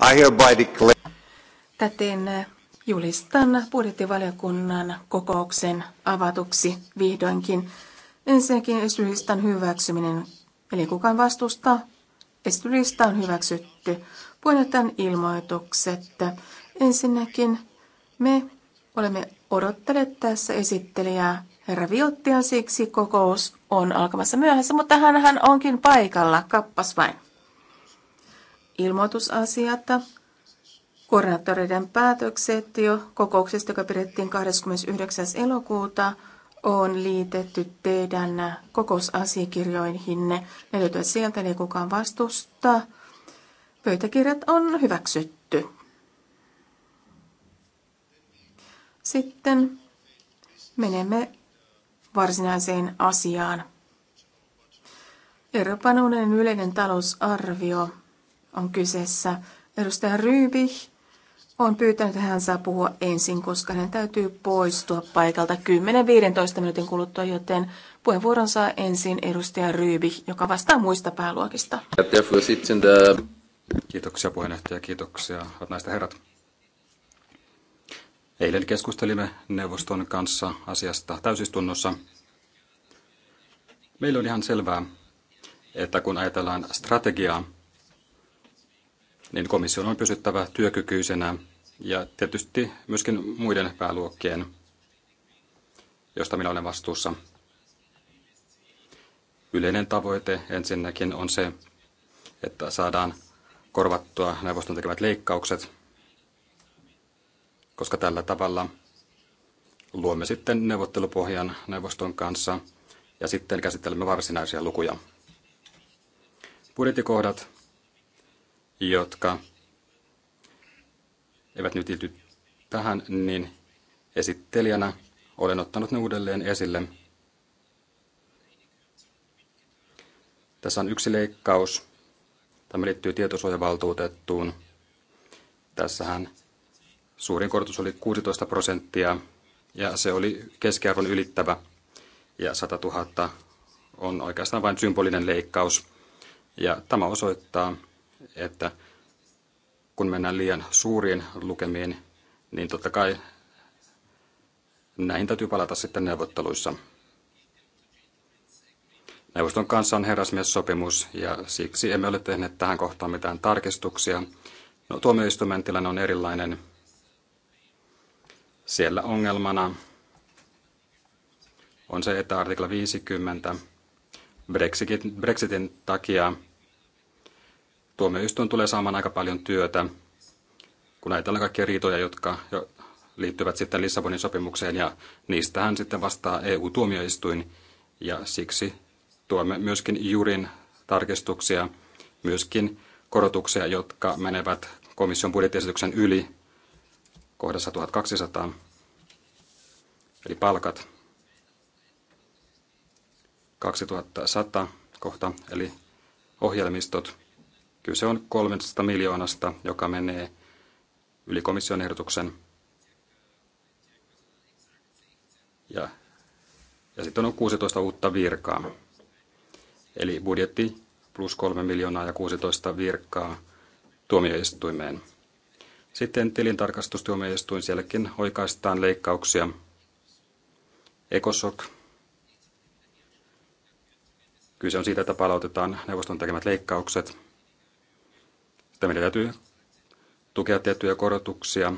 I hereby declare... Täten eh, julistan budjettivaliokunnan kokouksen avatuksi vihdoinkin. Ensinnäkin esityslistan hyväksyminen, eli kukaan vastusta Esityslista on hyväksytty. Puheenjohtajan ilmoitukset. Ensinnäkin me olemme odottaneet tässä esittelijää herra Viottia, siksi kokous on alkamassa myöhässä, mutta hän, hän onkin paikalla. Kappas vain ilmoitusasiat, koordinaattoreiden päätökset jo kokouksesta, joka pidettiin 29. elokuuta, on liitetty teidän kokousasiakirjoihinne. Ne löytyvät sieltä, niin ei kukaan vastusta. Pöytäkirjat on hyväksytty. Sitten menemme varsinaiseen asiaan. Euroopan unionin yleinen talousarvio on kyseessä. Edustaja Ryyvi on pyytänyt, että hän saa puhua ensin, koska hän täytyy poistua paikalta 10-15 minuutin kuluttua, joten puheenvuoron saa ensin edustaja Ryyvi, joka vastaa muista pääluokista. Kiitoksia puheenjohtaja, kiitoksia näistä herrat. Eilen keskustelimme neuvoston kanssa asiasta täysistunnossa. Meillä on ihan selvää, että kun ajatellaan strategiaa, niin komission on pysyttävä työkykyisenä ja tietysti myöskin muiden pääluokkien, josta minä olen vastuussa. Yleinen tavoite ensinnäkin on se, että saadaan korvattua neuvoston tekemät leikkaukset, koska tällä tavalla luomme sitten neuvottelupohjan neuvoston kanssa ja sitten käsittelemme varsinaisia lukuja. Budjettikohdat jotka eivät nyt ilty tähän, niin esittelijänä olen ottanut ne uudelleen esille. Tässä on yksi leikkaus. Tämä liittyy tietosuojavaltuutettuun. Tässähän suurin korotus oli 16 prosenttia ja se oli keskiarvon ylittävä ja 100 000 on oikeastaan vain symbolinen leikkaus. Ja tämä osoittaa, että kun mennään liian suuriin lukemiin, niin totta kai näihin täytyy palata sitten neuvotteluissa. Neuvoston kanssa on herrasmiessopimus ja siksi emme ole tehneet tähän kohtaan mitään tarkistuksia. No, tuomioistuimen tilanne on erilainen. Siellä ongelmana on se, että artikla 50 Brexitin, Brexitin takia tuomioistuin tulee saamaan aika paljon työtä, kun ajatellaan kaikkia riitoja, jotka jo liittyvät sitten Lissabonin sopimukseen, ja niistähän sitten vastaa EU-tuomioistuin, ja siksi tuomme myöskin jurin tarkistuksia, myöskin korotuksia, jotka menevät komission budjettiesityksen yli kohdassa 1200, eli palkat 2100 kohta, eli ohjelmistot Kyse on 300 miljoonasta, joka menee yli komission ehdotuksen. Ja, ja sitten on 16 uutta virkaa. Eli budjetti plus 3 miljoonaa ja 16 virkaa tuomioistuimeen. Sitten tilintarkastustuomioistuin, sielläkin oikaistaan leikkauksia. Ekosok. Kyse on siitä, että palautetaan neuvoston tekemät leikkaukset – että meidän täytyy tukea tiettyjä korotuksia,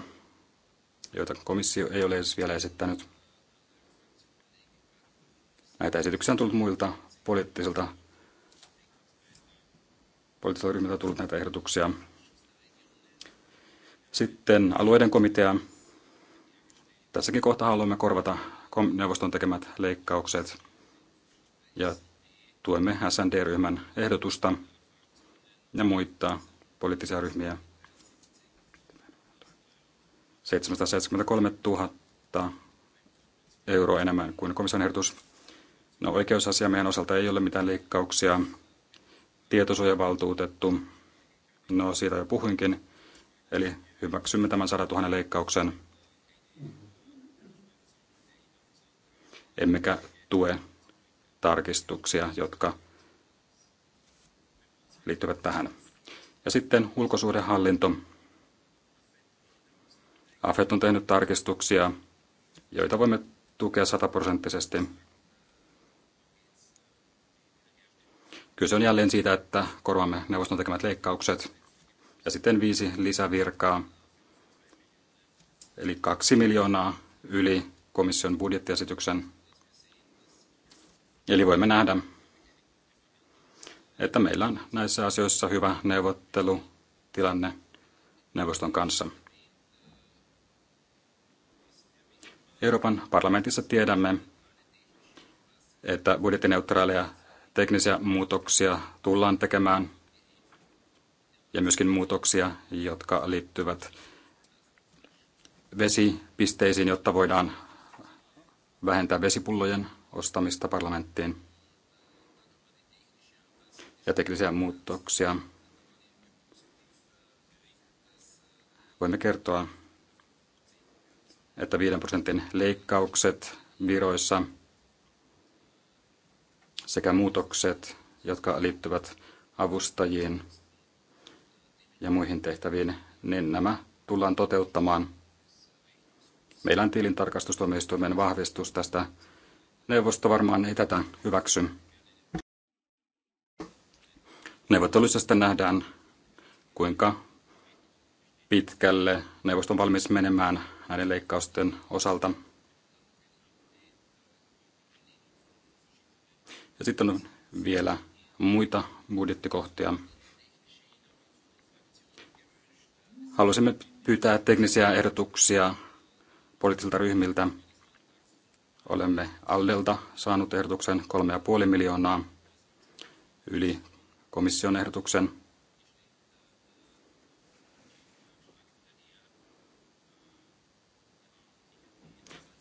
joita komissio ei ole edes vielä esittänyt. Näitä esityksiä on tullut muilta poliittisilta, poliittisilta ryhmiltä on tullut näitä ehdotuksia. Sitten alueiden komitea. Tässäkin kohta haluamme korvata neuvoston tekemät leikkaukset ja tuemme SND-ryhmän ehdotusta ja muita poliittisia ryhmiä. 773 000 euroa enemmän kuin komission ehdotus. No oikeusasiamiehen osalta ei ole mitään leikkauksia. Tietosuojavaltuutettu, no siitä jo puhuinkin. Eli hyväksymme tämän 100 000 leikkauksen. Emmekä tue tarkistuksia, jotka liittyvät tähän. Ja sitten ulkosuhdehallinto. AFET on tehnyt tarkistuksia, joita voimme tukea sataprosenttisesti. Kyse on jälleen siitä, että korvaamme neuvoston tekemät leikkaukset ja sitten viisi lisävirkaa, eli kaksi miljoonaa yli komission budjettiesityksen. Eli voimme nähdä, että meillä on näissä asioissa hyvä neuvottelutilanne neuvoston kanssa. Euroopan parlamentissa tiedämme, että budjettineutraaleja teknisiä muutoksia tullaan tekemään ja myöskin muutoksia, jotka liittyvät vesipisteisiin, jotta voidaan vähentää vesipullojen ostamista parlamenttiin ja teknisiä muutoksia. Voimme kertoa, että 5 prosentin leikkaukset viroissa sekä muutokset, jotka liittyvät avustajiin ja muihin tehtäviin, niin nämä tullaan toteuttamaan. Meillä on tilintarkastustuomioistuimen vahvistus tästä. Neuvosto varmaan ei tätä hyväksy. Neuvotteluissa sitten nähdään, kuinka pitkälle neuvosto on valmis menemään näiden leikkausten osalta. Ja sitten on vielä muita budjettikohtia. Haluaisimme pyytää teknisiä ehdotuksia poliittisilta ryhmiltä. Olemme Aldelta saanut ehdotuksen 3,5 miljoonaa yli komission ehdotuksen.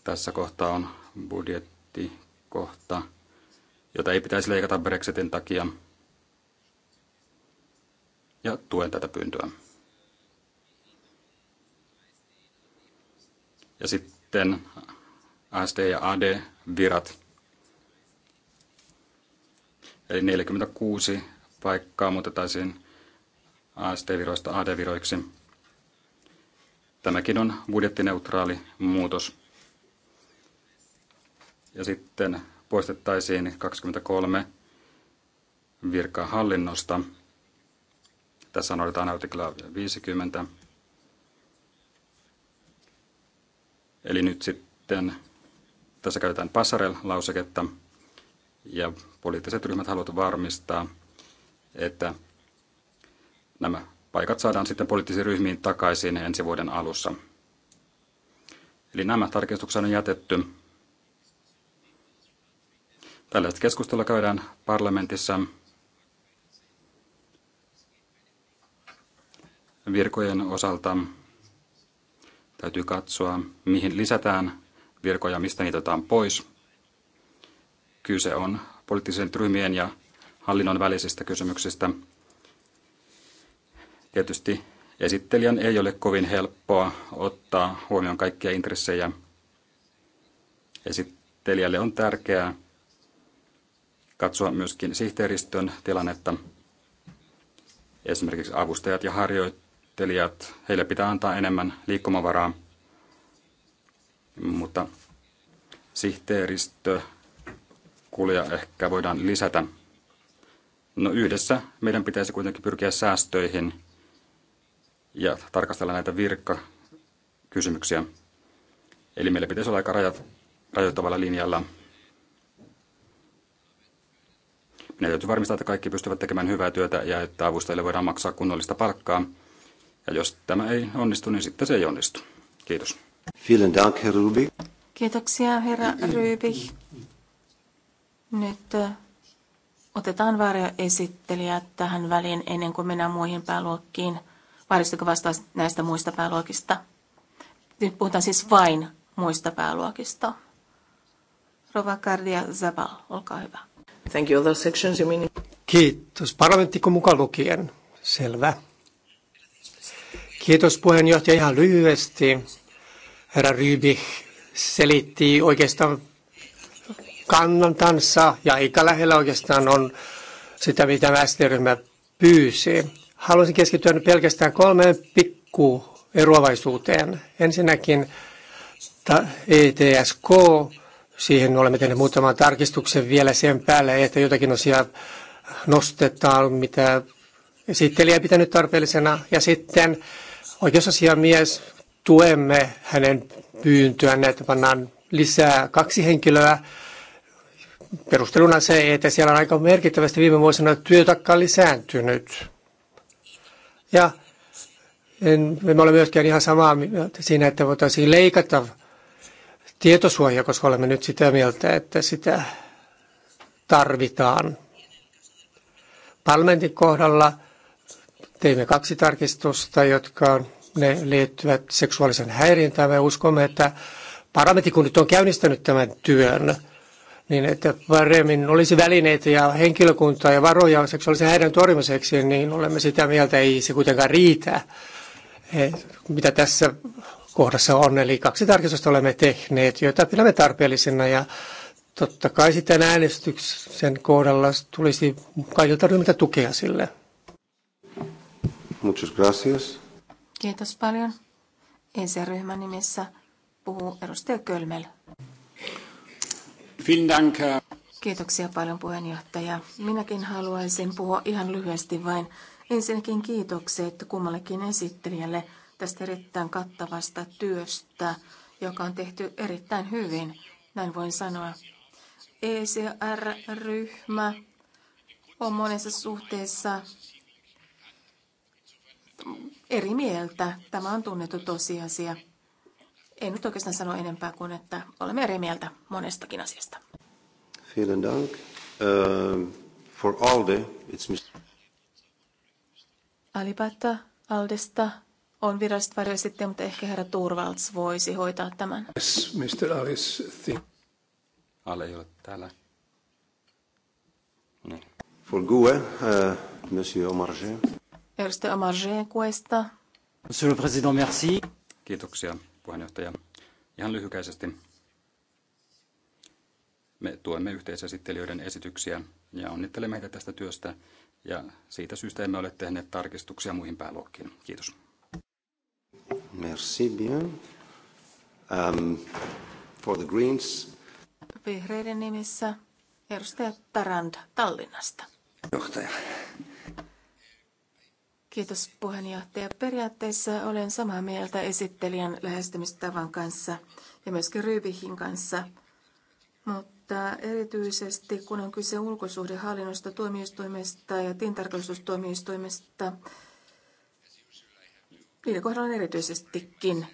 Tässä kohtaa on budjettikohta, jota ei pitäisi leikata Brexitin takia. Ja tuen tätä pyyntöä. Ja sitten SD ja AD-virat. Eli 46 paikkaa muutettaisiin AST-viroista AD-viroiksi. Tämäkin on budjettineutraali muutos. Ja sitten poistettaisiin 23 virkaa hallinnosta. Tässä noudataan artikla 50. Eli nyt sitten tässä käytetään passarel-lauseketta ja poliittiset ryhmät haluavat varmistaa, että nämä paikat saadaan sitten poliittisiin ryhmiin takaisin ensi vuoden alussa. Eli nämä tarkistukset on jätetty. Tällaista keskustelua käydään parlamentissa virkojen osalta. Täytyy katsoa, mihin lisätään virkoja, mistä niitä otetaan pois. Kyse on poliittisen ryhmien ja hallinnon välisistä kysymyksistä. Tietysti esittelijän ei ole kovin helppoa ottaa huomioon kaikkia intressejä. Esittelijälle on tärkeää katsoa myöskin sihteeristön tilannetta. Esimerkiksi avustajat ja harjoittelijat, heille pitää antaa enemmän liikkumavaraa, mutta sihteeristö kulja ehkä voidaan lisätä No yhdessä meidän pitäisi kuitenkin pyrkiä säästöihin ja tarkastella näitä virkkakysymyksiä. Eli meillä pitäisi olla aika rajat, rajoittavalla linjalla. Meidän täytyy varmistaa, että kaikki pystyvät tekemään hyvää työtä ja että avustajille voidaan maksaa kunnollista palkkaa. Ja jos tämä ei onnistu, niin sitten se ei onnistu. Kiitos. Vielen Dank, Herr Rubik. Kiitoksia, herra Rybik. Nyt äh, Otetaan varjoesittelijät tähän väliin ennen kuin mennään muihin pääluokkiin. Varjostiko vastaa näistä muista pääluokista? Nyt puhutaan siis vain muista pääluokista. Rova Kardia Zabal, olkaa hyvä. Thank you. Other sections you mean... Kiitos. Parlamenttiko mukaan lukien? Selvä. Kiitos puheenjohtaja ihan lyhyesti. Herra Rybich selitti oikeastaan kannantansa ja aika lähellä oikeastaan on sitä, mitä väestöryhmä pyysi. Haluaisin keskittyä nyt pelkästään kolmeen pikku eroavaisuuteen. Ensinnäkin ETSK, siihen olemme tehneet muutaman tarkistuksen vielä sen päälle, että jotakin osia nostetaan, mitä esittelijä pitänyt tarpeellisena. Ja sitten oikeusasiamies, tuemme hänen pyyntöään, että pannaan lisää kaksi henkilöä Perusteluna se, että siellä on aika merkittävästi viime vuosina työtakka lisääntynyt. Ja en, emme ole myöskään ihan samaa mieltä siinä, että voitaisiin leikata tietosuojaa, koska olemme nyt sitä mieltä, että sitä tarvitaan. Parlamentin kohdalla teimme kaksi tarkistusta, jotka ne liittyvät seksuaalisen häirintään. Me uskomme, että parlamentti kun nyt on käynnistänyt tämän työn, niin että paremmin olisi välineitä ja henkilökuntaa ja varoja seksuaalisen häiriön torjumiseksi, niin olemme sitä mieltä, ei se kuitenkaan riitä, mitä tässä kohdassa on. Eli kaksi tarkistusta olemme tehneet, joita pidämme tarpeellisena ja totta kai sitten äänestyksen kohdalla tulisi kaikilta ryhmiltä tukea sille. Muchas gracias. Kiitos paljon. Ensi ryhmän nimessä puhuu edustaja Kölmel. Kiitoksia paljon puheenjohtaja. Minäkin haluaisin puhua ihan lyhyesti vain. Ensinnäkin kiitokset kummallekin esittelijälle tästä erittäin kattavasta työstä, joka on tehty erittäin hyvin, näin voin sanoa. ECR-ryhmä on monessa suhteessa eri mieltä. Tämä on tunnettu tosiasia. En nyt oikeastaan sano enempää kuin, että olemme eri mieltä monestakin asiasta. Vielen dank. Uh, for Alde, it's Mr. Alipäättä Aldesta on virastvärjä sitten, mutta ehkä herra Turvalds voisi hoitaa tämän. Yes, Mr. Alice. Thi- Ale ei ole täällä. Niin. For GUE, uh, Monsieur Omarje. Erste Omarje kuesta. Monsieur le Président, merci. Kiitoksia puheenjohtaja. Ihan lyhykäisesti me tuemme yhteisesittelijöiden esityksiä ja onnittelemme heitä tästä työstä ja siitä syystä emme ole tehneet tarkistuksia muihin pääluokkiin. Kiitos. Merci bien. Um, for the Greens. Vihreiden nimissä edustaja Tarand Tallinnasta. Johtaja. Kiitos puheenjohtaja. Periaatteessa olen samaa mieltä esittelijän lähestymistavan kanssa ja myöskin Rybihin kanssa. Mutta erityisesti kun on kyse ulkosuhdehallinnosta, tuomioistuimesta ja tintarkastustuomioistuimesta, niiden kohdalla erityisestikin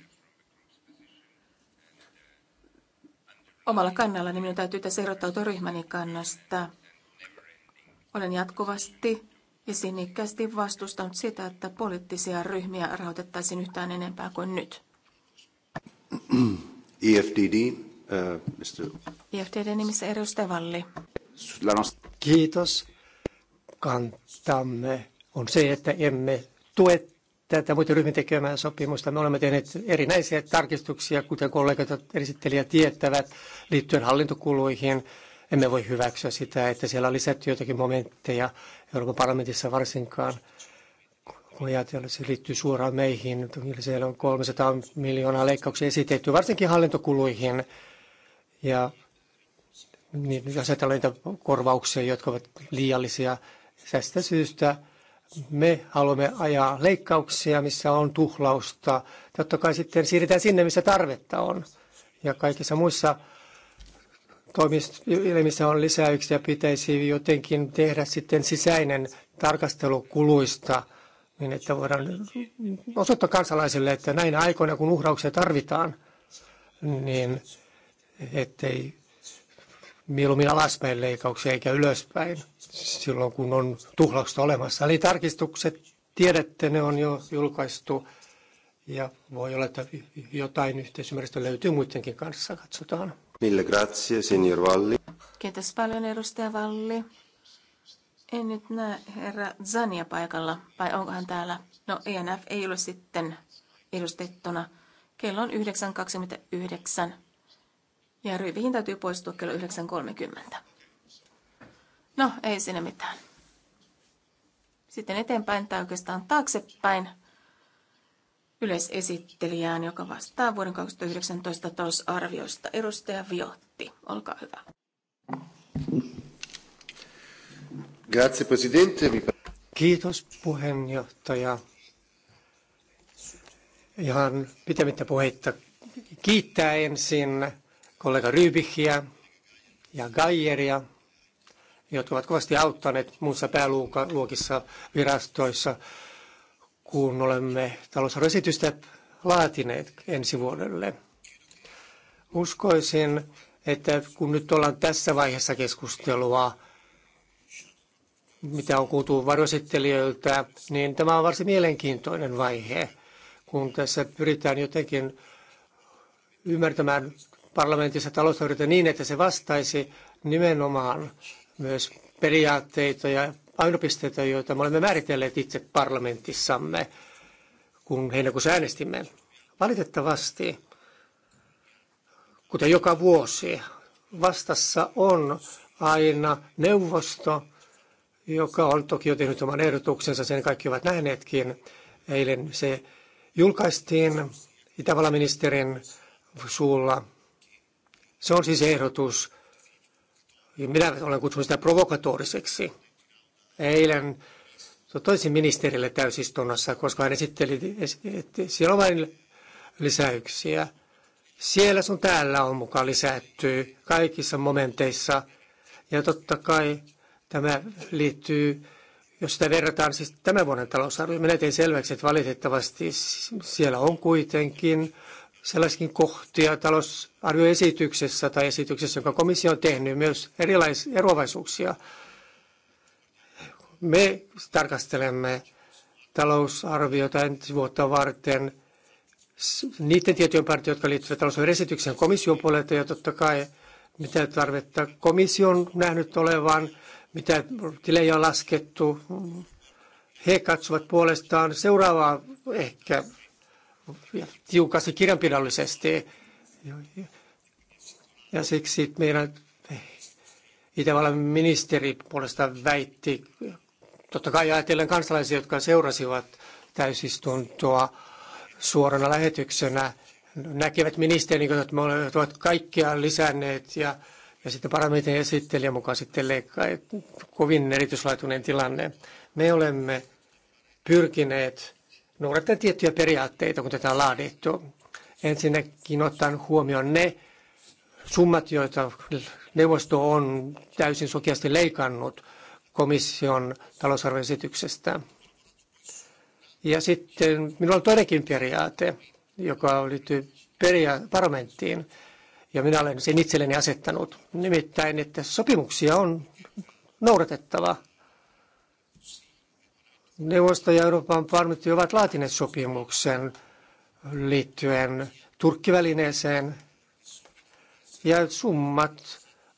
omalla kannalla, niin minun täytyy tässä erottautua ryhmäni kannasta. Olen jatkuvasti ja sinnikkäästi vastustanut sitä, että poliittisia ryhmiä rahoitettaisiin yhtään enempää kuin nyt. EFDD, uh, Mr. EFDD nimissä edustaja Valli. Kiitos. Kantamme on se, että emme tue tätä muiden ryhmien tekemää sopimusta. Me olemme tehneet erinäisiä tarkistuksia, kuten kollegat ja esittelijät tietävät, liittyen hallintokuluihin – emme voi hyväksyä sitä, että siellä on lisätty jotakin momentteja Euroopan parlamentissa varsinkaan, kun ajatellaan, se liittyy suoraan meihin. niin Siellä on 300 miljoonaa leikkauksia esitetty, varsinkin hallintokuluihin. Ja niin, asetellaan niitä korvauksia, jotka ovat liiallisia, tästä syystä me haluamme ajaa leikkauksia, missä on tuhlausta. Totta kai sitten siirretään sinne, missä tarvetta on. Ja kaikissa muissa toimielimissä on lisäyksiä, pitäisi jotenkin tehdä sitten sisäinen tarkastelu kuluista, niin että voidaan osoittaa kansalaisille, että näin aikoina, kun uhrauksia tarvitaan, niin ettei mieluummin alaspäin leikauksia eikä ylöspäin silloin, kun on tuhlausta olemassa. Eli tarkistukset, tiedätte, ne on jo julkaistu ja voi olla, että jotain yhteisymmärrystä löytyy muidenkin kanssa. Katsotaan. Mille grazie, signor Valli. Kiitos paljon, edustaja Valli. En nyt näe herra Zania paikalla, vai onko hän täällä? No, ENF ei ole sitten edustettuna. Kello on 9.29 ja ryhmiin täytyy poistua kello 9.30. No, ei siinä mitään. Sitten eteenpäin tai oikeastaan taaksepäin yleisesittelijään, joka vastaa vuoden 2019 talousarviosta. Edustaja Viotti, olkaa hyvä. Grazie, presidente. Kiitos puheenjohtaja. Ihan pitämättä puheitta kiittää ensin kollega Rybihiä ja Gaieria, jotka ovat kovasti auttaneet muussa pääluokissa virastoissa kun olemme talousarvioesitystä laatineet ensi vuodelle. Uskoisin, että kun nyt ollaan tässä vaiheessa keskustelua, mitä on kuultu varjosittelijöiltä, niin tämä on varsin mielenkiintoinen vaihe, kun tässä pyritään jotenkin ymmärtämään parlamentissa talousarviota niin, että se vastaisi nimenomaan myös periaatteita ja painopisteitä, joita me olemme määritelleet itse parlamentissamme, kun heinäkuussa äänestimme. Valitettavasti, kuten joka vuosi, vastassa on aina neuvosto, joka on toki jo tehnyt oman ehdotuksensa, sen kaikki ovat nähneetkin. Eilen se julkaistiin Itävallan ministerin suulla. Se on siis ehdotus, minä olen kutsunut sitä provokatoriseksi eilen toisin ministerille täysistunnossa, koska hän esitteli, että siellä on vain lisäyksiä. Siellä sun täällä on mukaan lisätty kaikissa momenteissa. Ja totta kai tämä liittyy, jos sitä verrataan siis tämän vuoden talousarvioon, minä tein selväksi, että valitettavasti siellä on kuitenkin sellaisikin kohtia talousarvioesityksessä tai esityksessä, jonka komissio on tehnyt, myös erilaisia eroavaisuuksia me tarkastelemme talousarviota ensi vuotta varten – niiden tietojen parti, jotka liittyvät talousarvion esityksen komission puolelta ja totta kai mitä tarvetta komission nähnyt olevan, mitä tilejä on laskettu. He katsovat puolestaan seuraavaa ehkä tiukasti kirjanpidollisesti. Ja siksi meidän Itävallan ministeri puolestaan väitti Totta kai ajatellen kansalaisia, jotka seurasivat täysistuntoa suorana lähetyksenä, näkevät ministerin, että me ovat kaikkia lisänneet ja, ja sitten parametrin esittelijä mukaan sitten leikkaa. Kovin erityislaatuinen tilanne. Me olemme pyrkineet noudattamaan tiettyjä periaatteita, kun tätä on laadittu. Ensinnäkin ottaen huomioon ne summat, joita neuvosto on täysin sokeasti leikannut – komission talousarvioesityksestä. Ja sitten minulla on toinenkin periaate, joka liittyy peria- parlamenttiin, ja minä olen sen itselleni asettanut. Nimittäin, että sopimuksia on noudatettava. Neuvosto ja Euroopan parlamentti ovat laatineet sopimuksen liittyen turkkivälineeseen, ja summat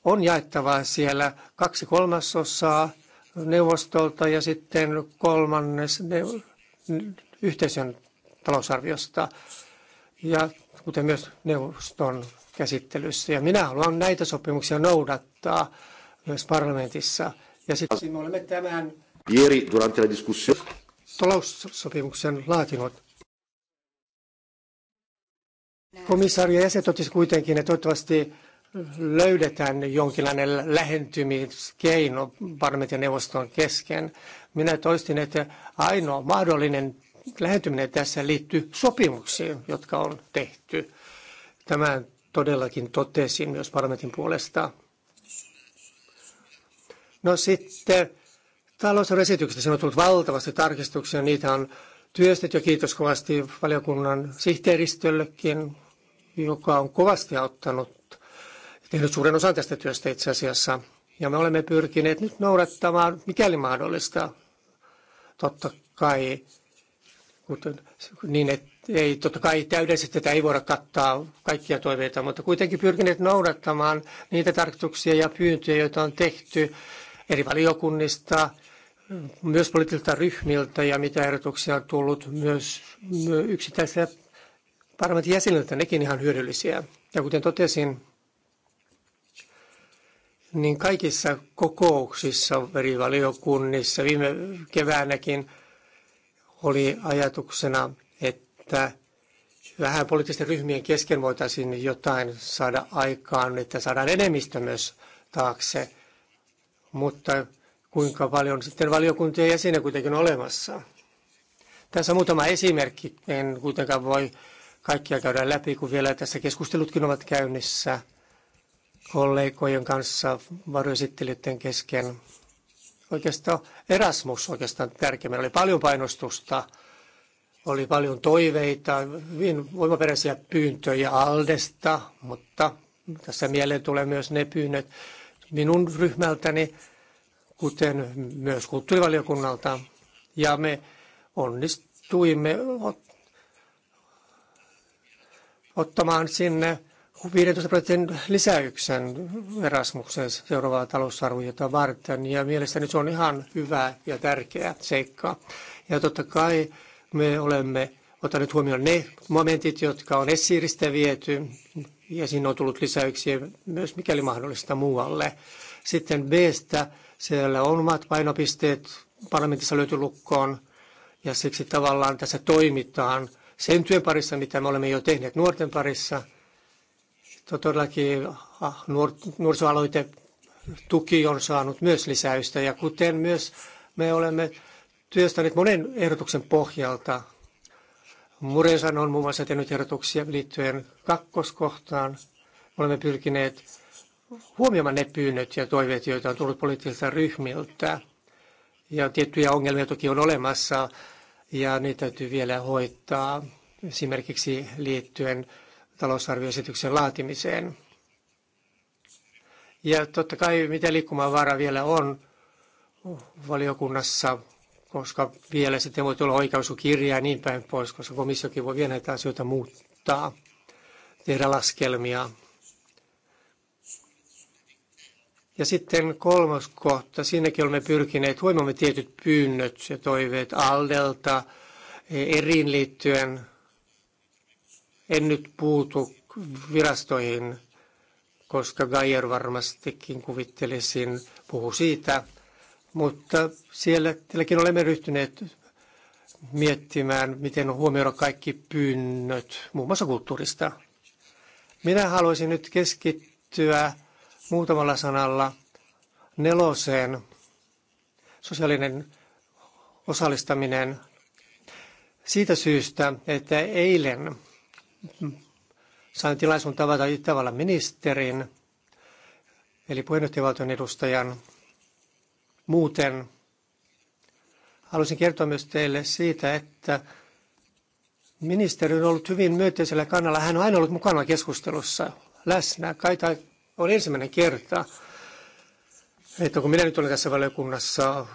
on jaettava siellä kaksi kolmasosaa – neuvostolta ja sitten kolmannes yhteisön talousarviosta ja kuten myös neuvoston käsittelyssä. Ja minä haluan näitä sopimuksia noudattaa myös parlamentissa. Ja sitten siis me olemme tämän Ieri, durante la discussione... taloussopimuksen laatinut. Komissaari jäsen totesi kuitenkin, että toivottavasti löydetään jonkinlainen lähentymiskeino parlamentin ja neuvoston kesken. Minä toistin, että ainoa mahdollinen lähentyminen tässä liittyy sopimuksiin, jotka on tehty. Tämä todellakin totesin myös parlamentin puolesta. No sitten talousarvoesityksestä on tullut valtavasti tarkistuksia. Niitä on työstetty ja kiitos kovasti valiokunnan sihteeristöllekin, joka on kovasti auttanut tehnyt suuren osan tästä työstä itse asiassa. Ja me olemme pyrkineet nyt noudattamaan, mikäli mahdollista, totta kai, mutta niin että ei, totta kai täydellisesti tätä ei voida kattaa kaikkia toiveita, mutta kuitenkin pyrkineet noudattamaan niitä tarkoituksia ja pyyntöjä, joita on tehty eri valiokunnista, myös poliittisilta ryhmiltä ja mitä ehdotuksia on tullut myös yksittäisiltä parlamentin jäseniltä, nekin ihan hyödyllisiä. Ja kuten totesin, niin kaikissa kokouksissa eri valiokunnissa viime keväänäkin oli ajatuksena, että vähän poliittisten ryhmien kesken voitaisiin jotain saada aikaan, että saadaan enemmistö myös taakse, mutta kuinka paljon sitten valiokuntien jäseniä kuitenkin on olemassa. Tässä on muutama esimerkki, en kuitenkaan voi kaikkia käydä läpi, kun vielä tässä keskustelutkin ovat käynnissä – kollegojen kanssa varjoesittelijöiden kesken. Oikeastaan Erasmus oikeastaan tärkeä. oli paljon painostusta, oli paljon toiveita, hyvin voimaperäisiä pyyntöjä Aldesta, mutta tässä mieleen tulee myös ne pyynnöt minun ryhmältäni, kuten myös kulttuurivaliokunnalta. Ja me onnistuimme ottamaan sinne 15 prosentin lisäyksen Erasmuksen seuraavaa talousarviota varten. Ja mielestäni se on ihan hyvä ja tärkeä seikka. Ja totta kai me olemme ottaneet huomioon ne momentit, jotka on Essiiristä viety, ja siinä on tullut lisäyksiä myös mikäli mahdollista muualle. Sitten b siellä on omat painopisteet parlamentissa löyty lukkoon, ja siksi tavallaan tässä toimitaan sen työn parissa, mitä me olemme jo tehneet nuorten parissa – Todellakin ah, nuor, nuorisoaloite tuki on saanut myös lisäystä ja kuten myös me olemme työstäneet monen ehdotuksen pohjalta. Murensan on muun muassa tehnyt ehdotuksia liittyen kakkoskohtaan. Olemme pyrkineet huomioimaan ne pyynnöt ja toiveet, joita on tullut poliittisilta ryhmiltä. Ja tiettyjä ongelmia toki on olemassa ja niitä täytyy vielä hoitaa esimerkiksi liittyen talousarvioesityksen laatimiseen. Ja totta kai mitä liikkumavara vielä on valiokunnassa, koska vielä sitten voi tulla oikaisukirjaa ja niin päin pois, koska komissiokin voi vielä näitä asioita muuttaa, tehdä laskelmia. Ja sitten kolmas kohta, siinäkin olemme pyrkineet, huomioimme tietyt pyynnöt ja toiveet Aldelta, eh, eriin liittyen en nyt puutu virastoihin, koska Gayer varmastikin kuvittelisin puhu siitä, mutta siellä tälläkin olemme ryhtyneet miettimään, miten huomioida kaikki pyynnöt, muun muassa kulttuurista. Minä haluaisin nyt keskittyä muutamalla sanalla neloseen, sosiaalinen osallistaminen, siitä syystä, että eilen sain tilaisuuden tavata Itävallan ministerin, eli puheenjohtajavaltion edustajan. Muuten haluaisin kertoa myös teille siitä, että ministeri on ollut hyvin myönteisellä kannalla. Hän on aina ollut mukana keskustelussa läsnä. Kai tämä on ensimmäinen kerta, että kun minä nyt olen tässä valiokunnassa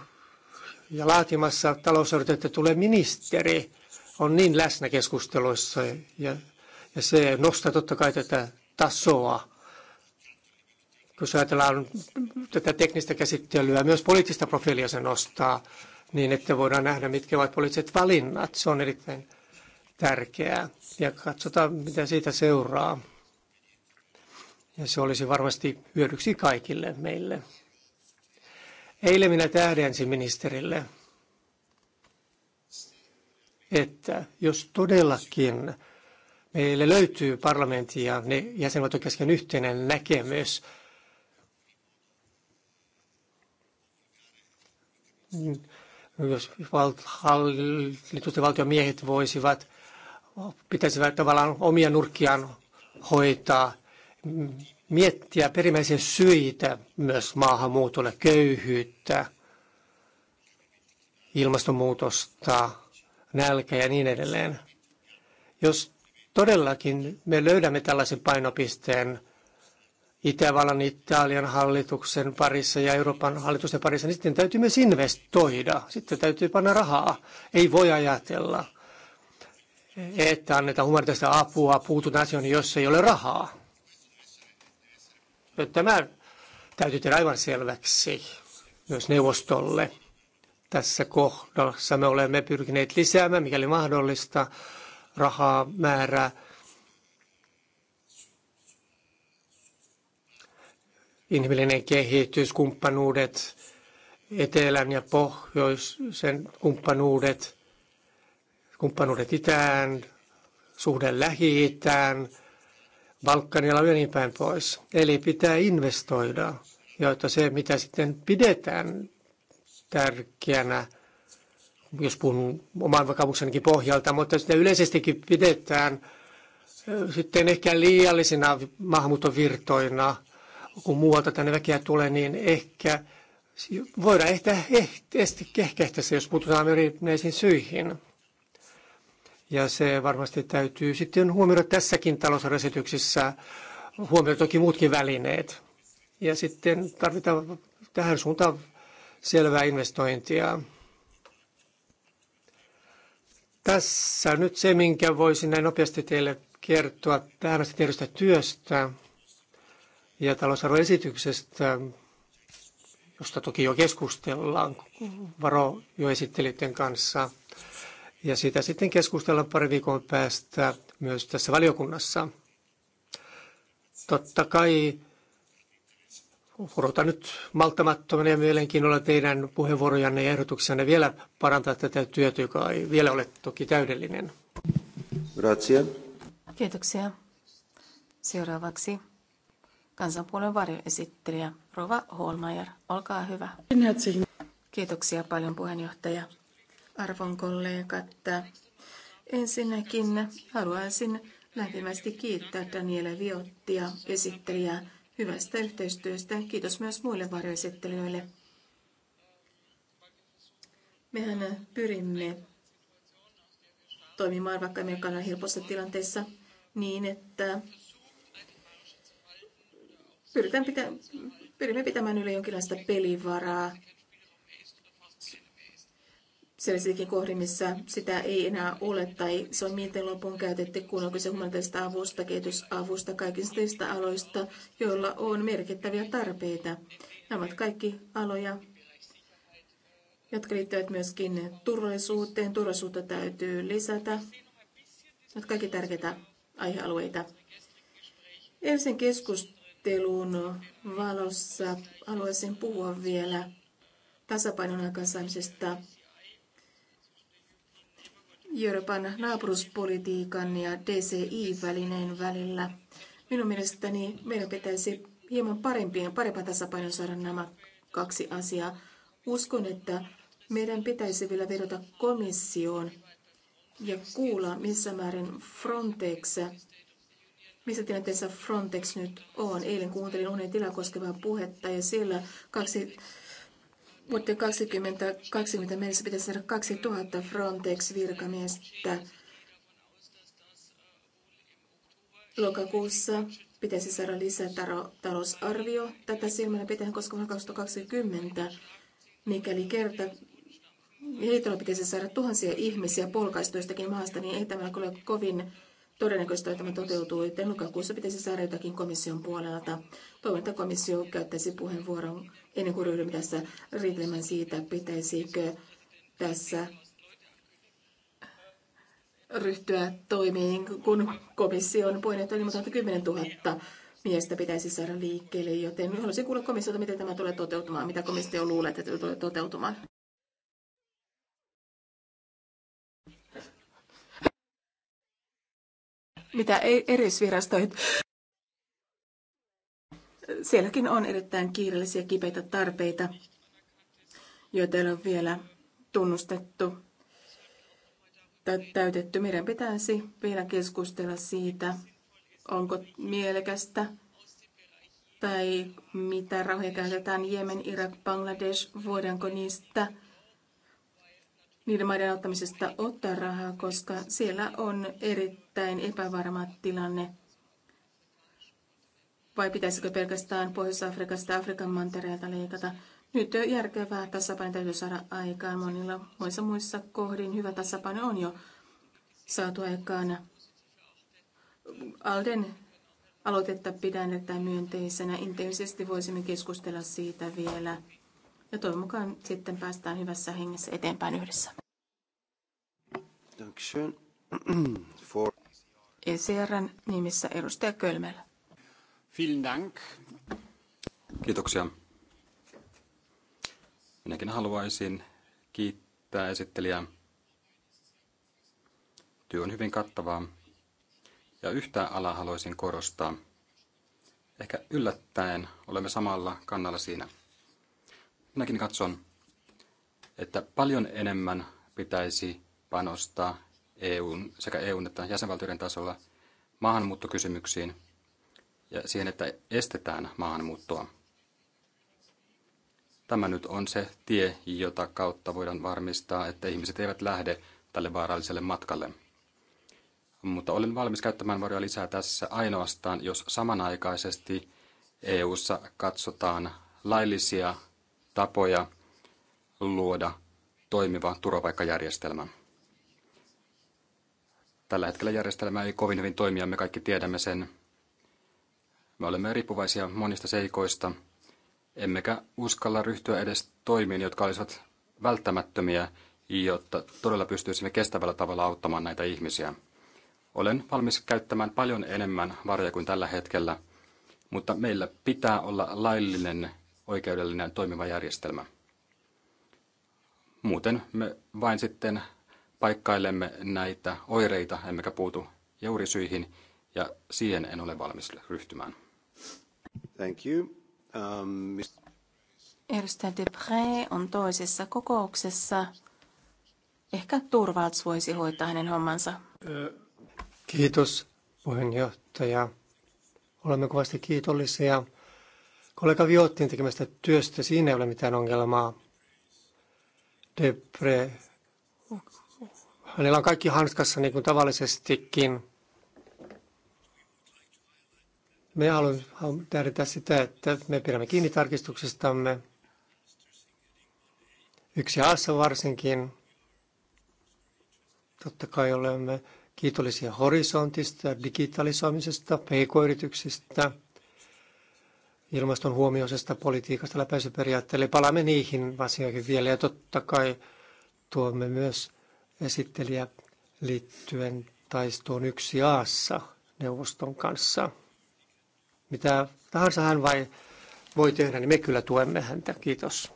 ja laatimassa talousarviota, että tulee ministeri, on niin läsnä keskusteluissa ja ja se nostaa totta kai tätä tasoa. Jos ajatellaan tätä teknistä käsittelyä, myös poliittista profiilia se nostaa, niin että voidaan nähdä, mitkä ovat poliittiset valinnat. Se on erittäin tärkeää. Ja katsotaan, mitä siitä seuraa. Ja se olisi varmasti hyödyksi kaikille meille. Eilen minä tähdensin ministerille, että jos todellakin Meille löytyy parlamentti ja ne jäsenvaltion kesken yhteinen näkemys. Jos hallitusten valtion miehet voisivat, pitäisivät tavallaan omia nurkkiaan hoitaa, miettiä perimmäisiä syitä myös maahanmuutolle, köyhyyttä, ilmastonmuutosta, nälkä ja niin edelleen. Jos todellakin me löydämme tällaisen painopisteen Itävallan, Italian hallituksen parissa ja Euroopan hallitusten parissa, niin sitten täytyy myös investoida. Sitten täytyy panna rahaa. Ei voi ajatella, että annetaan humanitaarista apua, puutun asioihin, jos ei ole rahaa. No, tämä täytyy tehdä aivan selväksi myös neuvostolle. Tässä kohdassa me olemme pyrkineet lisäämään, mikäli mahdollista, rahaa määrä. Inhimillinen kehitys, kumppanuudet, etelän ja pohjoisen kumppanuudet, kumppanuudet itään, suhde lähi-itään, Balkanilla ja niin päin pois. Eli pitää investoida, jotta se mitä sitten pidetään tärkeänä – jos puhun oman vakaumuksenikin pohjalta, mutta sitä yleisestikin pidetään sitten ehkä liiallisina maahanmuuttovirtoina, kun muualta tänne väkeä tulee, niin ehkä voidaan ehkä ehkä se, jos puututaan erinäisiin syihin. Ja se varmasti täytyy sitten huomioida tässäkin talousarvioesityksessä huomioida toki muutkin välineet. Ja sitten tarvitaan tähän suuntaan selvää investointia. Tässä nyt se, minkä voisin näin nopeasti teille kertoa tähän asti tiedosta työstä ja talousarvoesityksestä, josta toki jo keskustellaan varo jo esittelijöiden kanssa. Ja siitä sitten keskustellaan pari viikon päästä myös tässä valiokunnassa. Totta kai odotan nyt malttamattomana ja mielenkiinnolla teidän puheenvuorojanne ja ehdotuksenne vielä parantaa tätä työtä, joka ei vielä ole toki täydellinen. Grazie. Kiitoksia. Seuraavaksi kansanpuolen varjoesittelijä Rova Holmeier. Olkaa hyvä. Kiitoksia paljon puheenjohtaja. Arvon kollegat, ensinnäkin haluaisin lämpimästi kiittää Daniele Viottia esittelijää hyvästä yhteistyöstä. Kiitos myös muille varjoesittelijöille. Mehän pyrimme toimimaan vaikka meidän kannalta tilanteessa niin, että pyritään pitä, pyrimme pitämään yli jonkinlaista pelivaraa sellaisiakin kohdin, missä sitä ei enää ole tai se on miten lopun käytetty, kun onko se humanitaista avusta, kehitysavusta, kaikista aloista, joilla on merkittäviä tarpeita. Nämä ovat kaikki aloja, jotka liittyvät myöskin turvallisuuteen. Turvallisuutta täytyy lisätä. Nämä ovat kaikki tärkeitä aihealueita. Ensin keskustelun valossa haluaisin puhua vielä tasapainon aikaansaamisesta Euroopan naapuruspolitiikan ja DCI-välineen välillä. Minun mielestäni meidän pitäisi hieman parempien parempaan tasapainoon saada nämä kaksi asiaa. Uskon, että meidän pitäisi vielä vedota komissioon ja kuulla, missä määrin Frontex, missä tilanteessa Frontex nyt on. Eilen kuuntelin unen tilaa koskevaa puhetta ja siellä kaksi mutta 2020 mennessä pitäisi saada 2000 Frontex-virkamiestä. Lokakuussa pitäisi saada lisätalousarvio tätä silmällä pitäen, koska vuonna 2020, mikäli kerta liitolla pitäisi saada tuhansia ihmisiä polkaistuistakin maasta, niin ei tämä ole kovin todennäköistä, että tämä toteutuu, joten lokakuussa pitäisi saada jotakin komission puolelta. Toivon, että komissio käyttäisi puheenvuoron ennen kuin ryhdymme tässä riitelemään siitä, pitäisikö tässä ryhtyä toimiin, kun komission puheenjohtaja on ilmoittanut 10 000 miestä pitäisi saada liikkeelle, joten haluaisin kuulla komissiolta, miten tämä tulee toteutumaan, mitä komissio luulee, että tulee toteutumaan. mitä erisvirastoihin. Sielläkin on erittäin kiireellisiä kipeitä tarpeita, joita ei ole vielä tunnustettu tai täytetty. Meidän pitäisi vielä keskustella siitä, onko mielekästä tai mitä rahoja käytetään Jemen, Irak, Bangladesh, voidaanko niistä niiden maiden auttamisesta ottaa rahaa, koska siellä on eri erittäin epävarma tilanne. Vai pitäisikö pelkästään Pohjois-Afrikasta Afrikan mantereelta leikata? Nyt on järkevää tasapaino täytyy saada aikaan. Monilla muissa muissa kohdin hyvä tasapaino on jo saatu aikaan. Alden aloitetta pidän erittäin myönteisenä. Intensiivisesti voisimme keskustella siitä vielä. Ja toivon mukaan sitten päästään hyvässä hengessä eteenpäin yhdessä. Dankeschön. ECRn nimissä edustaja Kölmel. Vielen Dank. Kiitoksia. Minäkin haluaisin kiittää esittelijää. Työ on hyvin kattavaa. Ja yhtä alaa haluaisin korostaa. Ehkä yllättäen olemme samalla kannalla siinä. Minäkin katson, että paljon enemmän pitäisi panostaa EUn, sekä EUn että jäsenvaltioiden tasolla maahanmuuttokysymyksiin ja siihen, että estetään maahanmuuttoa. Tämä nyt on se tie, jota kautta voidaan varmistaa, että ihmiset eivät lähde tälle vaaralliselle matkalle. Mutta olen valmis käyttämään varoja lisää tässä ainoastaan, jos samanaikaisesti EU:ssa katsotaan laillisia tapoja luoda toimiva turvapaikkajärjestelmä. Tällä hetkellä järjestelmä ei kovin hyvin toimi ja me kaikki tiedämme sen. Me olemme riippuvaisia monista seikoista, emmekä uskalla ryhtyä edes toimiin, jotka olisivat välttämättömiä, jotta todella pystyisimme kestävällä tavalla auttamaan näitä ihmisiä. Olen valmis käyttämään paljon enemmän varjoja kuin tällä hetkellä, mutta meillä pitää olla laillinen, oikeudellinen toimiva järjestelmä. Muuten me vain sitten paikkailemme näitä oireita, emmekä puutu juurisyihin, ja siihen en ole valmis ryhtymään. Thank you. Um, Edustaja Depré on toisessa kokouksessa. Ehkä Turvalts voisi hoitaa hänen hommansa. Kiitos puheenjohtaja. Olemme kovasti kiitollisia kollega Viottin tekemästä työstä. Siinä ei ole mitään ongelmaa. Depre Hänellä on kaikki hanskassa niin kuin tavallisestikin. Me haluamme tähdentää sitä, että me pidämme kiinni tarkistuksestamme. Yksi aassa varsinkin. Totta kai olemme kiitollisia horisontista, digitalisoimisesta, pk-yrityksistä, ilmaston huomioisesta politiikasta läpäisyperiaatteelle. Palaamme niihin asioihin vielä ja totta kai tuomme myös esittelijä liittyen taistoon yksi aassa neuvoston kanssa. Mitä tahansa hän vai voi tehdä, niin me kyllä tuemme häntä. Kiitos.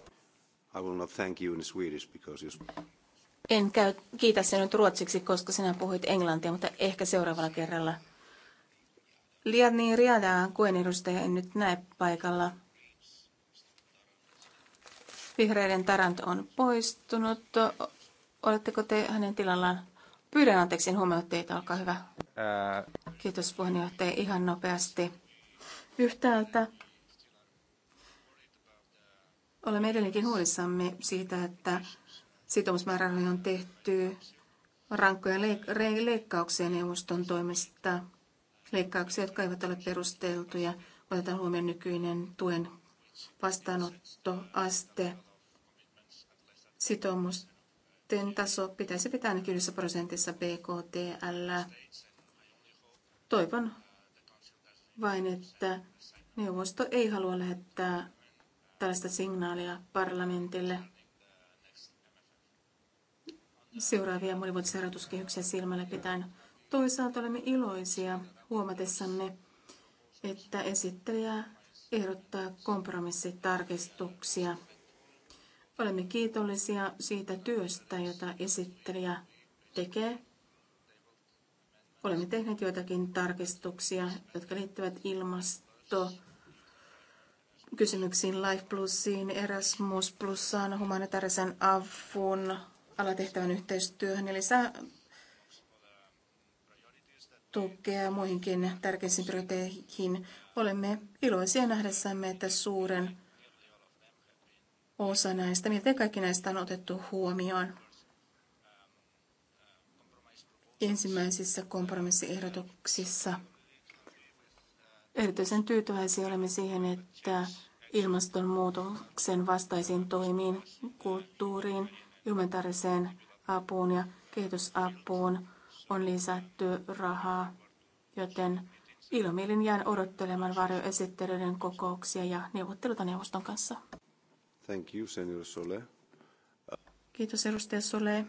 I will not thank you in Swedish because you... En käy, kiitä sinut ruotsiksi, koska sinä puhuit englantia, mutta ehkä seuraavalla kerralla. niin Riadaa kuin edustaja en nyt näe paikalla. Vihreiden Tarant on poistunut. Oletteko te hänen tilallaan? Pyydän anteeksi, en huomannut teitä, olkaa hyvä. Ää... Kiitos puheenjohtaja, ihan nopeasti. Yhtäältä olemme edelleenkin huolissamme siitä, että sitoumusmäärärahoja on tehty rankkoja leik- leikkauksia neuvoston toimesta. Leikkauksia, jotka eivät ole perusteltuja. Otetaan huomioon nykyinen tuen vastaanottoaste. Sitoumus sitten taso pitäisi pitää ainakin yhdessä prosentissa BKTL. Toivon vain, että neuvosto ei halua lähettää tällaista signaalia parlamentille seuraavia monivuotisia rahoituskehyksiä silmällä pitäen. Toisaalta olemme iloisia huomatessamme, että esittelijä ehdottaa kompromissitarkistuksia Olemme kiitollisia siitä työstä, jota esittelijä tekee. Olemme tehneet joitakin tarkistuksia, jotka liittyvät ilmasto kysymyksiin Life Plusiin, Erasmus Plusaan, humanitaarisen avun, alatehtävän yhteistyöhön ja lisää tukea muihinkin tärkeisiin prioriteihin. Olemme iloisia nähdessämme, että suuren osa näistä, miten kaikki näistä on otettu huomioon ensimmäisissä kompromissiehdotuksissa. Erityisen tyytyväisiä olemme siihen, että ilmastonmuutoksen vastaisiin toimiin, kulttuuriin, humanitaariseen apuun ja kehitysapuun on lisätty rahaa, joten ilomielin jään odottelemaan varjoesittelyiden kokouksia ja neuvotteluta neuvoston kanssa. Thank you, senior Sole. Kiitos edustaja Sole.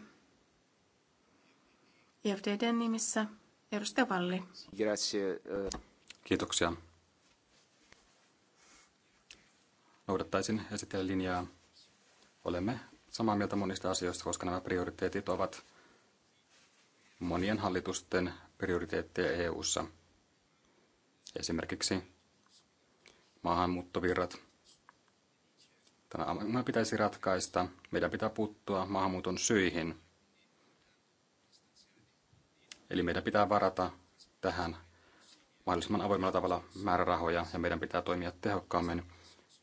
EFDDn nimissä edustaja Valli. Grazie. Eh. Kiitoksia. Noudattaisin esitellä linjaa. Olemme samaa mieltä monista asioista, koska nämä prioriteetit ovat monien hallitusten prioriteetteja EU:ssa. Esimerkiksi maahanmuuttovirrat, Tämä ongelma pitäisi ratkaista. Meidän pitää puuttua maahanmuuton syihin. Eli meidän pitää varata tähän mahdollisimman avoimella tavalla määrärahoja ja meidän pitää toimia tehokkaammin.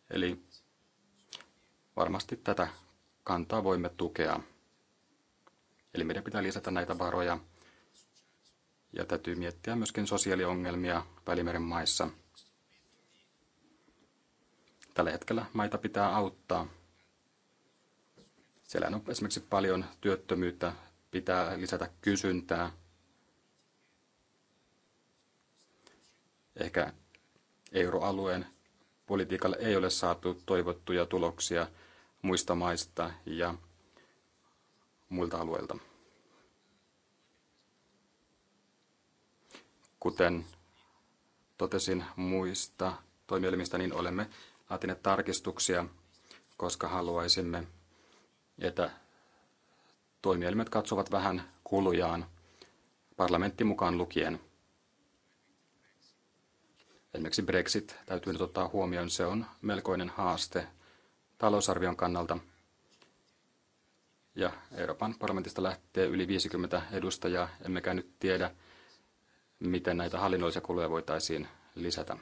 Eli varmasti tätä kantaa voimme tukea. Eli meidän pitää lisätä näitä varoja ja täytyy miettiä myöskin sosiaaliongelmia Välimeren maissa – Tällä hetkellä maita pitää auttaa. Siellä on esimerkiksi paljon työttömyyttä, pitää lisätä kysyntää. Ehkä euroalueen politiikalle ei ole saatu toivottuja tuloksia muista maista ja muilta alueilta. Kuten totesin muista toimielimistä, niin olemme laatineet tarkistuksia, koska haluaisimme, että toimielimet katsovat vähän kulujaan, parlamentti mukaan lukien. Esimerkiksi Brexit täytyy nyt ottaa huomioon, se on melkoinen haaste talousarvion kannalta. Ja Euroopan parlamentista lähtee yli 50 edustajaa, emmekä nyt tiedä, miten näitä hallinnollisia kuluja voitaisiin lisätä.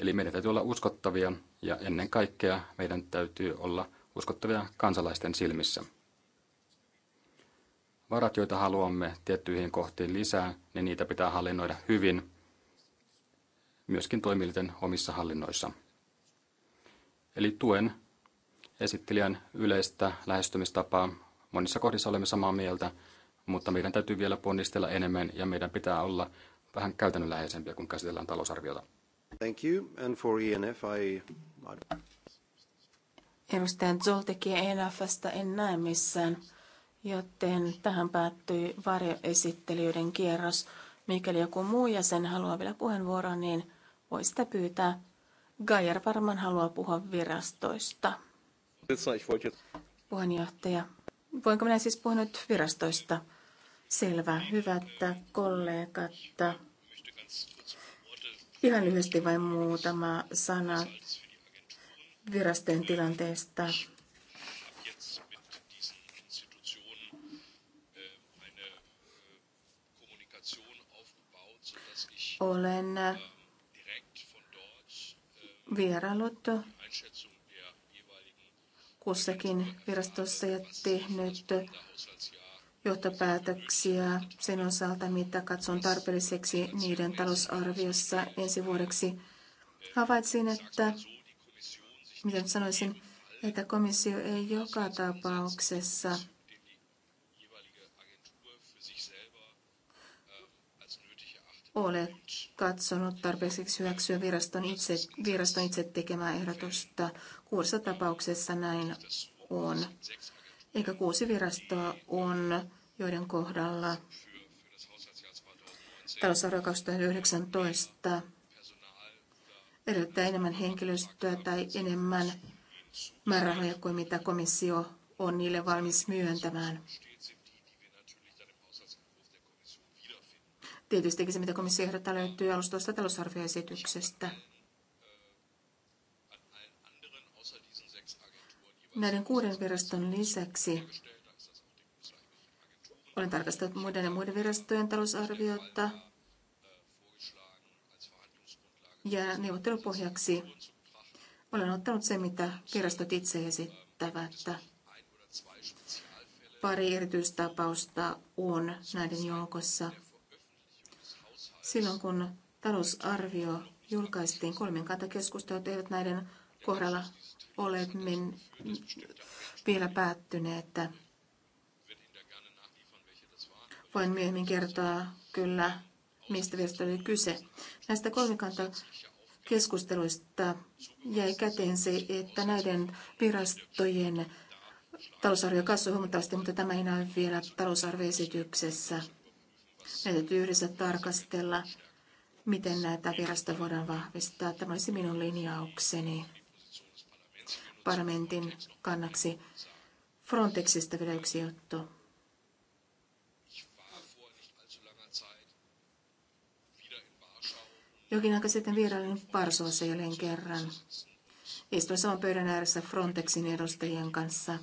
Eli meidän täytyy olla uskottavia ja ennen kaikkea meidän täytyy olla uskottavia kansalaisten silmissä. Varat, joita haluamme tiettyihin kohtiin lisää, niin niitä pitää hallinnoida hyvin, myöskin toimielinten omissa hallinnoissa. Eli tuen esittelijän yleistä lähestymistapaa. Monissa kohdissa olemme samaa mieltä, mutta meidän täytyy vielä ponnistella enemmän ja meidän pitää olla vähän käytännönläheisempiä, kun käsitellään talousarviota. Thank you. And for ENF, I... E en näe missään, joten tähän päättyi varjoesittelijöiden kierros. Mikäli joku muu jäsen haluaa vielä puheenvuoron, niin voi sitä pyytää. Gajer varmaan haluaa puhua virastoista. Puheenjohtaja, voinko minä siis puhua nyt virastoista? Selvä, hyvät kollegat. Ihan lyhyesti vain muutama sana virastojen tilanteesta. Olen äh, vierailut kussakin virastossa ja tehnyt johtopäätöksiä sen osalta, mitä katson tarpeelliseksi niiden talousarviossa ensi vuodeksi. Havaitsin, että, miten sanoisin, että komissio ei joka tapauksessa ole katsonut tarpeeksi hyväksyä viraston itse, viraston itse tekemää ehdotusta. Kuussa tapauksessa näin on. Eikä kuusi virastoa on joiden kohdalla talousarvio 2019 edellyttää enemmän henkilöstöä tai enemmän määrärahoja kuin mitä komissio on niille valmis myöntämään. Tietystikin se, mitä komissio ehdottaa, löytyy alustoista talousarvioesityksestä. Näiden kuuden viraston lisäksi olen tarkastanut muiden ja muiden virastojen talousarviota ja neuvottelupohjaksi olen ottanut sen, mitä virastot itse esittävät. Pari erityistapausta on näiden joukossa. Silloin kun talousarvio julkaistiin, kolmen kantakeskustelut eivät näiden kohdalla ole vielä päättyneet. Voin myöhemmin kertoa kyllä, mistä virsta oli kyse. Näistä kolmikanta keskusteluista jäi käteen se, että näiden virastojen talousarvio kasvoi huomattavasti, mutta tämä ei näy vielä talousarvioesityksessä. Meidän täytyy yhdessä tarkastella, miten näitä virastoja voidaan vahvistaa. Tämä olisi minun linjaukseni parlamentin kannaksi. Frontexista vielä yksi juttu. Jokin aika sitten vierailin Varsovassa jälleen kerran. Istuin saman pöydän ääressä Frontexin edustajien kanssa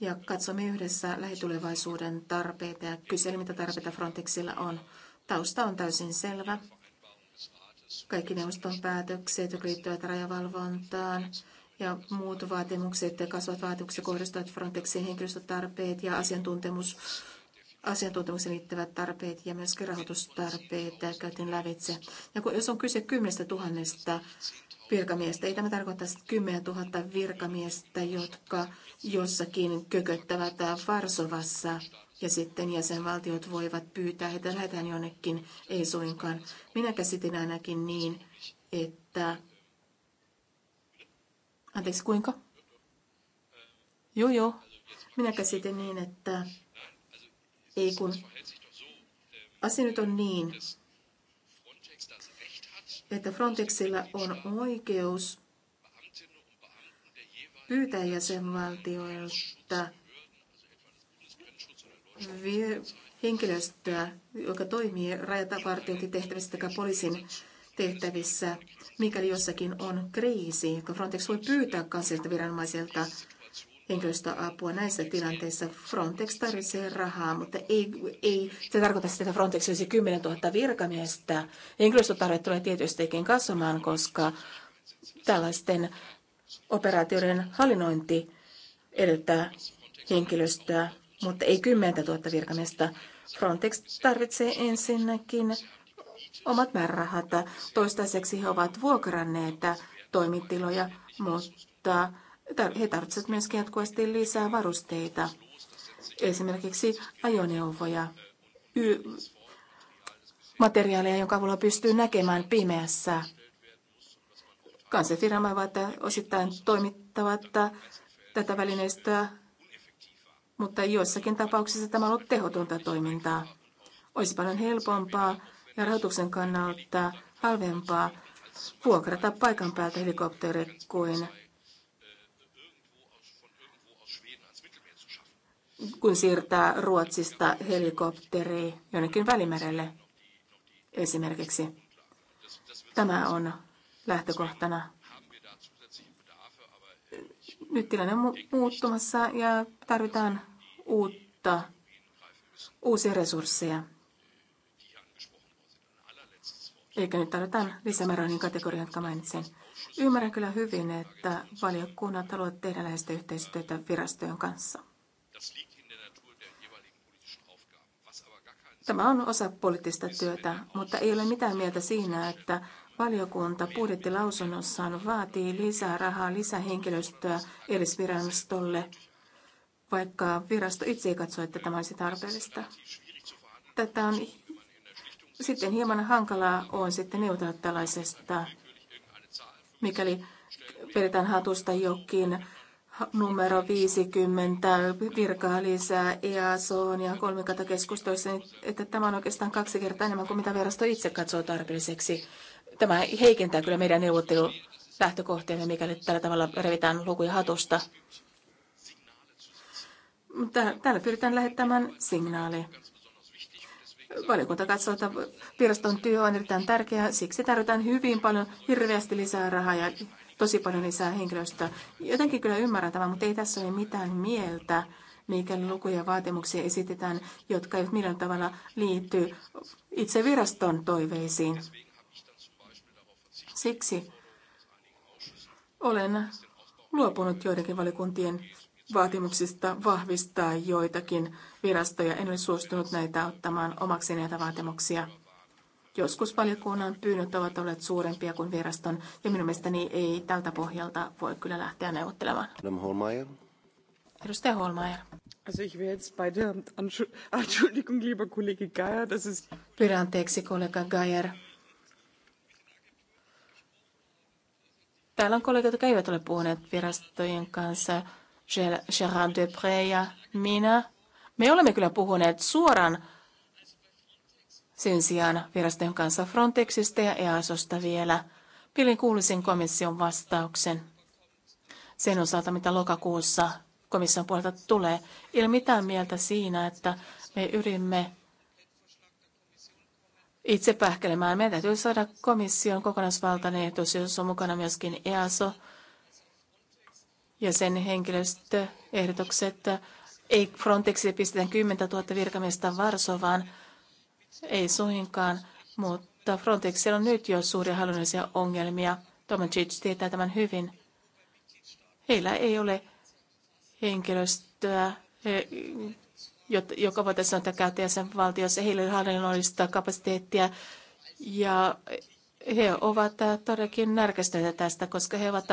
ja katsomme yhdessä lähitulevaisuuden tarpeita ja kyselimme, mitä tarpeita Frontexilla on. Tausta on täysin selvä. Kaikki neuvoston päätökset, jotka liittyvät rajavalvontaan ja muut vaatimukset ja kasvavat vaatimukset kohdistuvat Frontexin henkilöstötarpeet ja asiantuntemus asiantuntemuksen liittyvät tarpeet ja myös rahoitustarpeet käytiin lävitse. Ja kun, jos on kyse kymmenestä tuhannesta virkamiestä, ei tämä tarkoita kymmenen tuhatta virkamiestä, jotka jossakin kököttävät Varsovassa ja sitten jäsenvaltiot voivat pyytää heitä lähetään jonnekin, ei suinkaan. Minä käsitin ainakin niin, että... Anteeksi, kuinka? Joo, joo. Minä käsitin niin, että ei kun asia nyt on niin, että Frontexilla on oikeus pyytää jäsenvaltioilta henkilöstöä, joka toimii rajatavartiointitehtävissä tai poliisin tehtävissä, mikäli jossakin on kriisi, Frontex voi pyytää kansallisilta viranomaisilta henkilöstöapua näissä tilanteissa. Frontex tarvitsee rahaa, mutta ei, ei se tarkoita sitä, että Frontex olisi 10 000 virkamiestä. Henkilöstötarve tulee tietystikin kasvamaan, koska tällaisten operaatioiden hallinnointi edellyttää henkilöstöä, mutta ei 10 000 virkamiestä. Frontex tarvitsee ensinnäkin omat määrärahat. Toistaiseksi he ovat vuokranneet toimitiloja, mutta he tarvitsevat myöskin jatkuvasti lisää varusteita, esimerkiksi ajoneuvoja, y- materiaalia, jonka avulla pystyy näkemään pimeässä. Kansanfirma ovat osittain toimittavat tätä välineistöä, mutta joissakin tapauksissa tämä on ollut tehotonta toimintaa. Olisi paljon helpompaa ja rahoituksen kannalta halvempaa vuokrata paikan päältä helikopteri kuin kun siirtää Ruotsista helikopteri jonnekin välimerelle esimerkiksi. Tämä on lähtökohtana. Nyt tilanne on muuttumassa ja tarvitaan uutta, uusia resursseja. Eikä nyt tarvitaan lisämääräinen kategoria, jotka mainitsin. Ymmärrän kyllä hyvin, että valiokunnat haluavat tehdä läheistä yhteistyötä virastojen kanssa. Tämä on osa poliittista työtä, mutta ei ole mitään mieltä siinä, että valiokunta budjettilausunnossaan vaatii lisää rahaa, lisää henkilöstöä erisvirastolle, vaikka virasto itse ei katso, että tämä olisi tarpeellista. Tätä on sitten hieman hankalaa on sitten neuvotella tällaisesta, mikäli vedetään hatusta jokin numero 50 virkaa lisää EASOon ja keskustoissa, että tämä on oikeastaan kaksi kertaa enemmän kuin mitä virasto itse katsoo tarpeelliseksi. Tämä heikentää kyllä meidän neuvottelulähtökohtiamme, mikäli tällä tavalla revitään lukuja hatusta. Täällä pyritään lähettämään signaali. Valiokunta katsoo, että viraston työ on erittäin tärkeää, siksi tarvitaan hyvin paljon hirveästi lisää rahaa ja tosi paljon lisää henkilöstöä. Jotenkin kyllä ymmärrän tämän, mutta ei tässä ole mitään mieltä, mikäli lukuja vaatimuksia esitetään, jotka eivät millään tavalla liity itse viraston toiveisiin. Siksi olen luopunut joidenkin valikuntien vaatimuksista vahvistaa joitakin virastoja. En ole suostunut näitä ottamaan omaksi näitä vaatimuksia. Joskus valiokunnan pyynnöt ovat olleet suurempia kuin viraston, ja minun mielestäni ei tältä pohjalta voi kyllä lähteä neuvottelemaan. Holmeier. Edustaja Holmeier. Also ich will jetzt bei der Entschuldigung, lieber Kollege Geier, das ist... Pyydän anteeksi, kollega Geier. Täällä on kollegat, jotka eivät ole puhuneet virastojen kanssa. Gerard Depré ja minä. Me olemme kyllä puhuneet suoraan sen sijaan virastojen kanssa Frontexista ja EASosta vielä. Pilin kuulisin komission vastauksen sen osalta, mitä lokakuussa komission puolelta tulee. Ei ole mitään mieltä siinä, että me yrimme itse pähkelemään. Meidän täytyy saada komission kokonaisvaltainen ehdotus, jos on mukana myöskin EASO ja sen henkilöstöehdotukset. Ei Frontexille pistetä 10 000 virkamiestä Varsovaan, ei suinkaan, mutta Frontexilla on nyt jo suuria hallinnollisia ongelmia. Tomacic tietää tämän hyvin. Heillä ei ole henkilöstöä, joka voitaisiin sanoa käyttää jäsenvaltiossa. Heillä ei ole hallinnollista kapasiteettia ja he ovat todellakin närkästyneitä tästä, koska he ovat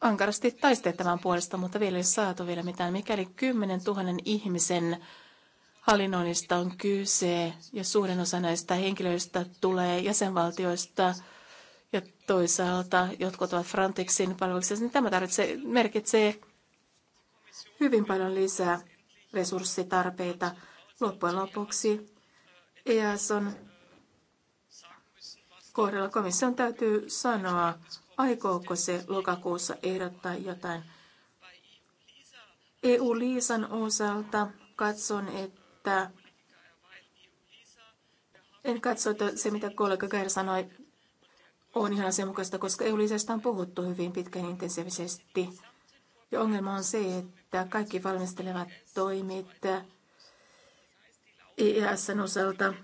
ankarasti taisteet tämän puolesta, mutta vielä ei saatu vielä mitään. Mikäli 10 000 ihmisen hallinnoinnista on kyse ja suurin osa näistä henkilöistä tulee jäsenvaltioista ja toisaalta jotkut ovat Frontexin palveluksessa, niin tämä tarvitsee, merkitsee hyvin paljon lisää resurssitarpeita. Loppujen lopuksi EAS on kohdalla komission täytyy sanoa, aikooko se lokakuussa ehdottaa jotain. EU-liisan osalta katson, että että en katso, että se mitä kollega Kair sanoi on ihan sen mukaista, koska EU-lisästä on puhuttu hyvin pitkään intensiivisesti. Ja ongelma on se, että kaikki valmistelevat toimit IESn osalta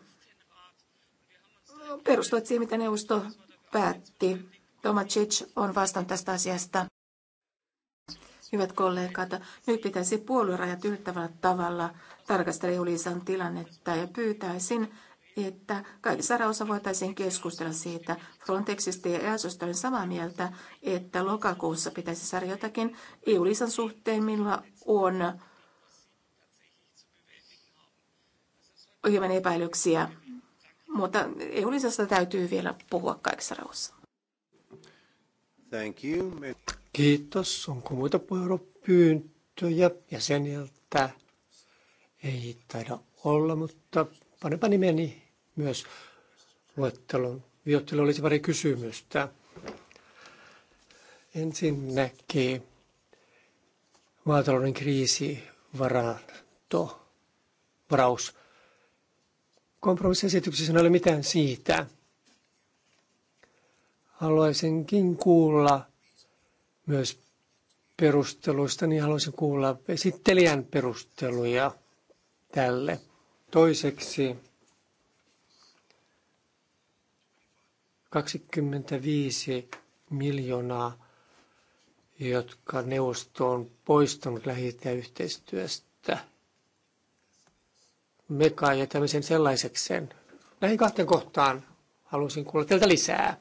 perustuvat siihen, mitä neuvosto päätti. Tomacic on vastannut tästä asiasta. Hyvät kollegat, nyt pitäisi puoluerajat yllättävällä tavalla tarkastella Julisan tilannetta ja pyytäisin, että kaikissa rauhassa voitaisiin keskustella siitä. Frontexista ja EASOsta olen samaa mieltä, että lokakuussa pitäisi saada jotakin EU-lisan suhteen, millä on hieman epäilyksiä. Mutta EU-lisasta täytyy vielä puhua kaikissa rauhassa. Thank you. Kiitos. Onko muita puheenvuoropyyntöjä jäseniltä? Ei taida olla, mutta panepa nimeni myös luettelon. Viottelu olisi pari kysymystä. Ensinnäkin maatalouden kriisi, varanto, varaus. Kompromissiesityksessä ei ole mitään siitä. Haluaisinkin kuulla myös perusteluista, niin haluaisin kuulla esittelijän perusteluja – tälle. Toiseksi 25 miljoonaa, jotka neuvosto on poistanut lähitä yhteistyöstä. Me kai jätämme sen Näihin kahteen kohtaan halusin kuulla teiltä lisää.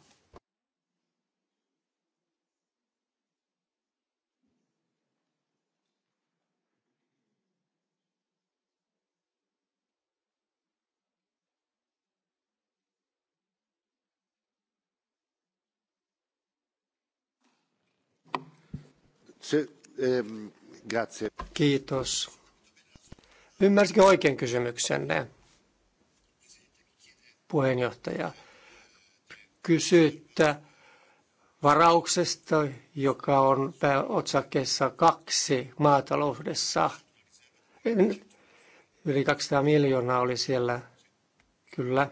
Kiitos. Ymmärsikö oikein kysymyksenne, puheenjohtaja? Kysyyttä varauksesta, joka on pääotsakkeessa kaksi maataloudessa. Yli 200 miljoonaa oli siellä, kyllä.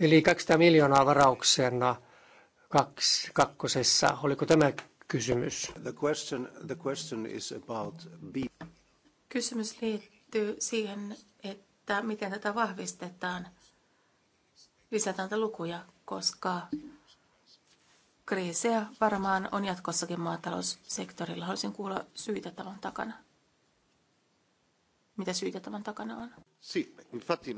Eli 200 miljoonaa varauksena kaksi, kakkosessa. Oliko tämä kysymys? The question, the question is about Kysymys liittyy siihen, että miten tätä vahvistetaan. Lisätään tätä lukuja, koska kriisejä varmaan on jatkossakin maataloussektorilla. Haluaisin kuulla syitä tämän takana. Mitä syitä tämän takana on? infatti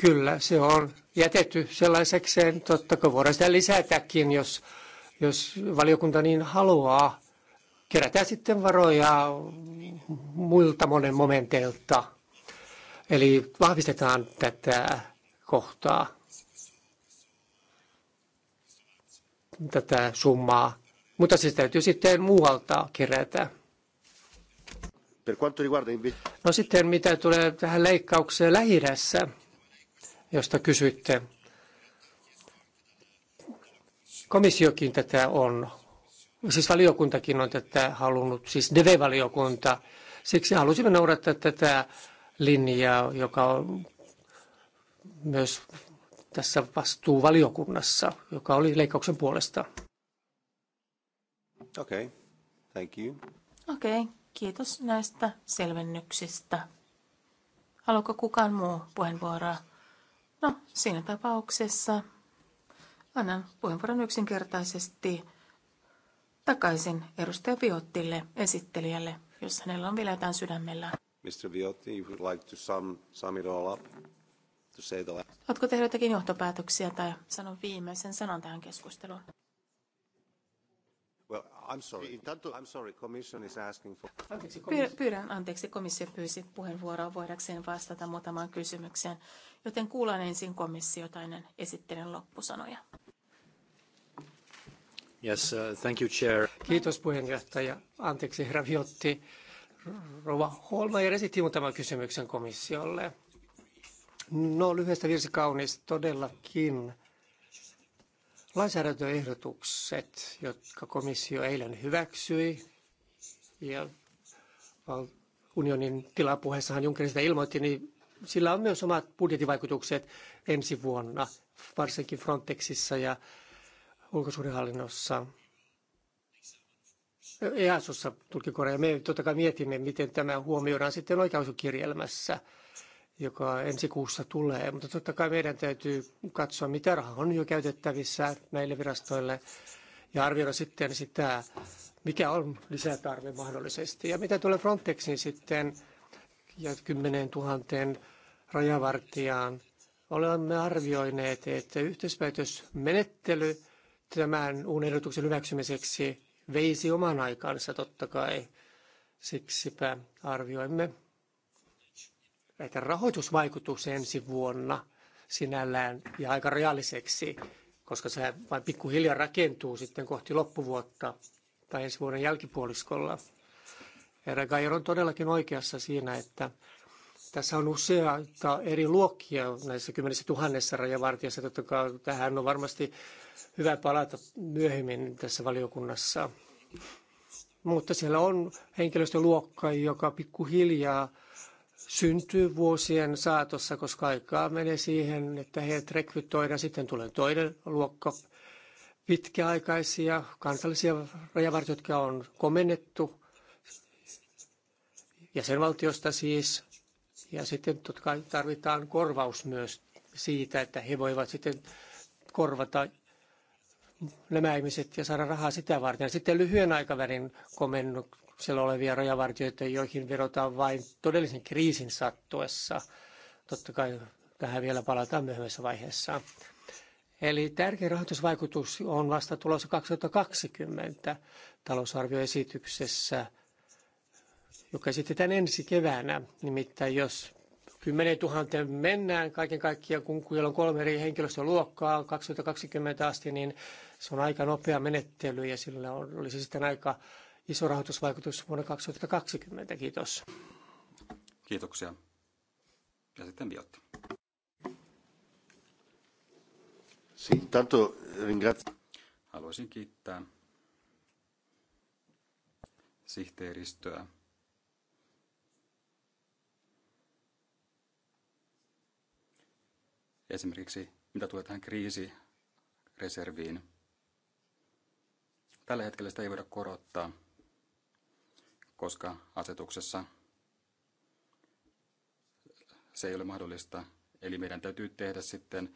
Kyllä, se on jätetty sellaisekseen. Totta kai voidaan sitä lisätäkin, jos, jos valiokunta niin haluaa. Kerätään sitten varoja muilta monen momenteilta. Eli vahvistetaan tätä kohtaa, tätä summaa. Mutta se täytyy sitten muualta kerätä. No sitten mitä tulee tähän leikkaukseen lähi josta kysyitte. Komissiokin tätä on, siis valiokuntakin on tätä halunnut, siis DV-valiokunta. Siksi halusimme noudattaa tätä linjaa, joka on myös tässä vastuuvaliokunnassa, joka oli leikkauksen puolesta. Okei, okay. thank you. Okei, okay. kiitos näistä selvennyksistä. Haluatko kukaan muu puheenvuoroa? No, siinä tapauksessa annan puheenvuoron yksinkertaisesti takaisin edustaja Viottille, esittelijälle, jos hänellä on vielä jotain sydämellä. Mr. Viotti, if would like to sum, sum it all up, to say the last... Oletko tehnyt jotakin johtopäätöksiä tai sanon viimeisen sanan tähän keskusteluun? Well, I'm sorry. Intanto, I'm sorry. Commission is asking for... Anteeksi, komissio. Pyydän anteeksi, komissio pyysi puheenvuoroa voidakseen vastata muutamaan kysymykseen, joten kuullaan ensin komissiota ennen esittelen loppusanoja. Yes, uh, thank you, chair. Kiitos puheenjohtaja. Anteeksi, herra Viotti. Rova Holmeier esitti muutaman kysymyksen komissiolle. No, lyhyestä virsi kaunis todellakin Lainsäädäntöehdotukset, jotka komissio eilen hyväksyi ja unionin tilapuheessahan Juncker sitä ilmoitti, niin sillä on myös omat budjettivaikutukset ensi vuonna, varsinkin Frontexissa ja ulkosuhdehallinnossa. EASossa tulkikorea. Me totta kai mietimme, miten tämä huomioidaan sitten oikeuskirjelmässä joka ensi kuussa tulee. Mutta totta kai meidän täytyy katsoa, mitä rahaa on jo käytettävissä näille virastoille ja arvioida sitten sitä, mikä on lisätarve mahdollisesti. Ja mitä tulee Frontexin sitten ja 10 000 rajavartijaan, olemme arvioineet, että yhteispäätösmenettely tämän uuden ehdotuksen hyväksymiseksi veisi oman aikansa totta kai. Siksipä arvioimme että rahoitusvaikutus ensi vuonna sinällään ja aika reaaliseksi, koska se vain pikkuhiljaa rakentuu sitten kohti loppuvuotta tai ensi vuoden jälkipuoliskolla. Herra Gajer on todellakin oikeassa siinä, että tässä on useita eri luokkia näissä kymmenissä tuhannessa rajavartijassa. Totta kai tähän on varmasti hyvä palata myöhemmin tässä valiokunnassa. Mutta siellä on henkilöstöluokka, joka pikkuhiljaa syntyy vuosien saatossa, koska aikaa menee siihen, että heidät rekrytoidaan. Sitten tulee toinen luokka pitkäaikaisia kansallisia rajavartijoita, jotka on komennettu jäsenvaltiosta siis. Ja sitten totta kai tarvitaan korvaus myös siitä, että he voivat sitten korvata nämä ihmiset ja saada rahaa sitä varten. Sitten lyhyen aikavälin komennut siellä olevia rajavartijoita, joihin vedotaan vain todellisen kriisin sattuessa. Totta kai tähän vielä palataan myöhemmässä vaiheessa. Eli tärkeä rahoitusvaikutus on vasta tulossa 2020 talousarvioesityksessä, joka esitetään ensi keväänä. Nimittäin jos 10 000 mennään kaiken kaikkiaan, kun siellä on kolme eri henkilöstöluokkaa 2020 asti, niin se on aika nopea menettely ja sillä olisi sitten aika iso rahoitusvaikutus vuonna 2020. Kiitos. Kiitoksia. Ja sitten Viotti. Haluaisin kiittää sihteeristöä. Esimerkiksi mitä tulee tähän kriisireserviin. Tällä hetkellä sitä ei voida korottaa, koska asetuksessa se ei ole mahdollista. Eli meidän täytyy tehdä sitten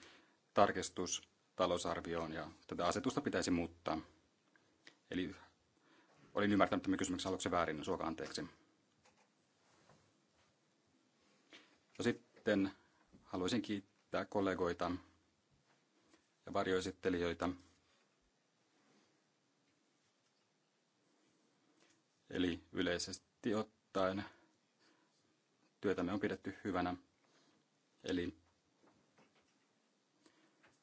tarkistus talousarvioon ja tätä asetusta pitäisi muuttaa. Eli olin ymmärtänyt tämän kysymyksen aluksi väärin, niin suoka anteeksi. No sitten haluaisin kiittää kollegoita ja varjoesittelijöitä. yleisesti ottaen työtämme on pidetty hyvänä. Eli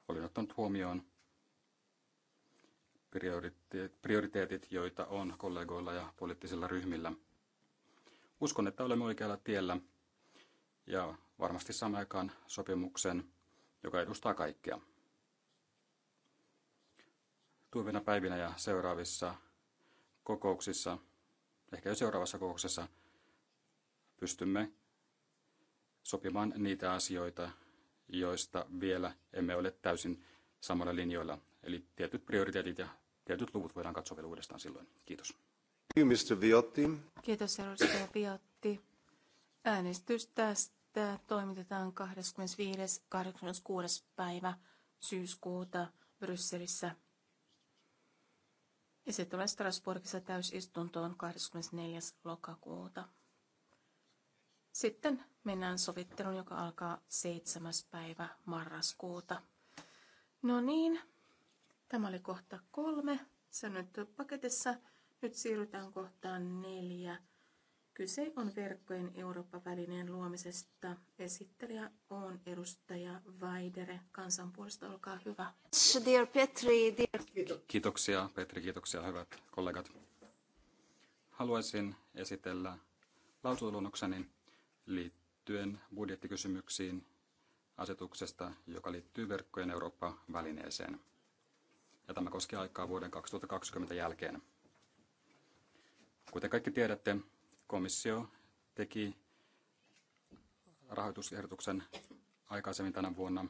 olin ottanut huomioon prioriteetit, joita on kollegoilla ja poliittisilla ryhmillä. Uskon, että olemme oikealla tiellä ja varmasti saamme aikaan sopimuksen, joka edustaa kaikkea. Tulevina päivinä ja seuraavissa kokouksissa ehkä jo seuraavassa kokouksessa pystymme sopimaan niitä asioita, joista vielä emme ole täysin samalla linjoilla. Eli tietyt prioriteetit ja tietyt luvut voidaan katsoa vielä uudestaan silloin. Kiitos. Kiitos, edustaja Viotti. Äänestys tästä toimitetaan 25 26. päivä syyskuuta Brysselissä. Ja se tulee Strasbourgissa täysistuntoon 24. lokakuuta. Sitten mennään sovitteluun, joka alkaa 7. päivä marraskuuta. No niin, tämä oli kohta kolme. Se on nyt paketissa. Nyt siirrytään kohtaan neljä. Kyse on verkkojen Eurooppa-välineen luomisesta. Esittelijä on edustaja Vaidere. Kansanpuolesta, olkaa hyvä. Dear Petri, dear... Kiitoksia Petri, kiitoksia hyvät kollegat. Haluaisin esitellä lausuntoluonnokseni liittyen budjettikysymyksiin asetuksesta, joka liittyy verkkojen Eurooppa-välineeseen. Ja tämä koskee aikaa vuoden 2020 jälkeen. Kuten kaikki tiedätte, komissio teki rahoitusehdotuksen aikaisemmin tänä vuonna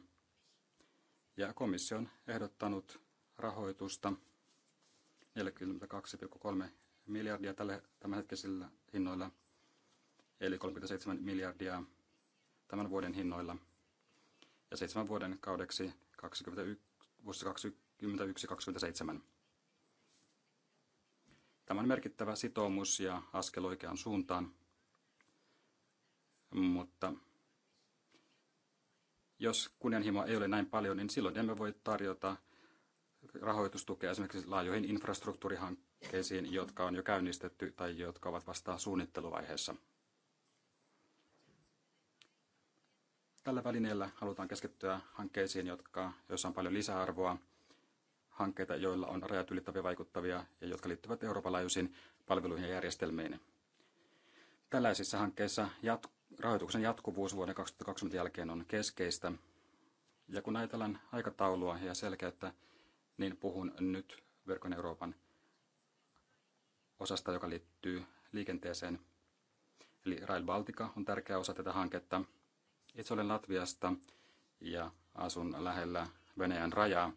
ja komissio on ehdottanut rahoitusta 42,3 miljardia tälle, tämänhetkisillä hinnoilla, eli 37 miljardia tämän vuoden hinnoilla ja seitsemän vuoden kaudeksi 21, vuosi 2021-2027. Tämä on merkittävä sitoumus ja askel oikeaan suuntaan, mutta jos kunnianhimoa ei ole näin paljon, niin silloin emme voi tarjota rahoitustukea esimerkiksi laajoihin infrastruktuurihankkeisiin, jotka on jo käynnistetty tai jotka ovat vasta suunnitteluvaiheessa. Tällä välineellä halutaan keskittyä hankkeisiin, jotka, joissa on paljon lisäarvoa hankkeita, joilla on rajat ylittäviä vaikuttavia ja jotka liittyvät Euroopan laajuisiin palveluihin ja järjestelmiin. Tällaisissa hankkeissa jat- rahoituksen jatkuvuus vuoden 2020 jälkeen on keskeistä. Ja kun ajatellaan aikataulua ja selkeyttä, niin puhun nyt Verkon Euroopan osasta, joka liittyy liikenteeseen. Eli Rail Baltica on tärkeä osa tätä hanketta. Itse olen Latviasta ja asun lähellä Venäjän rajaa,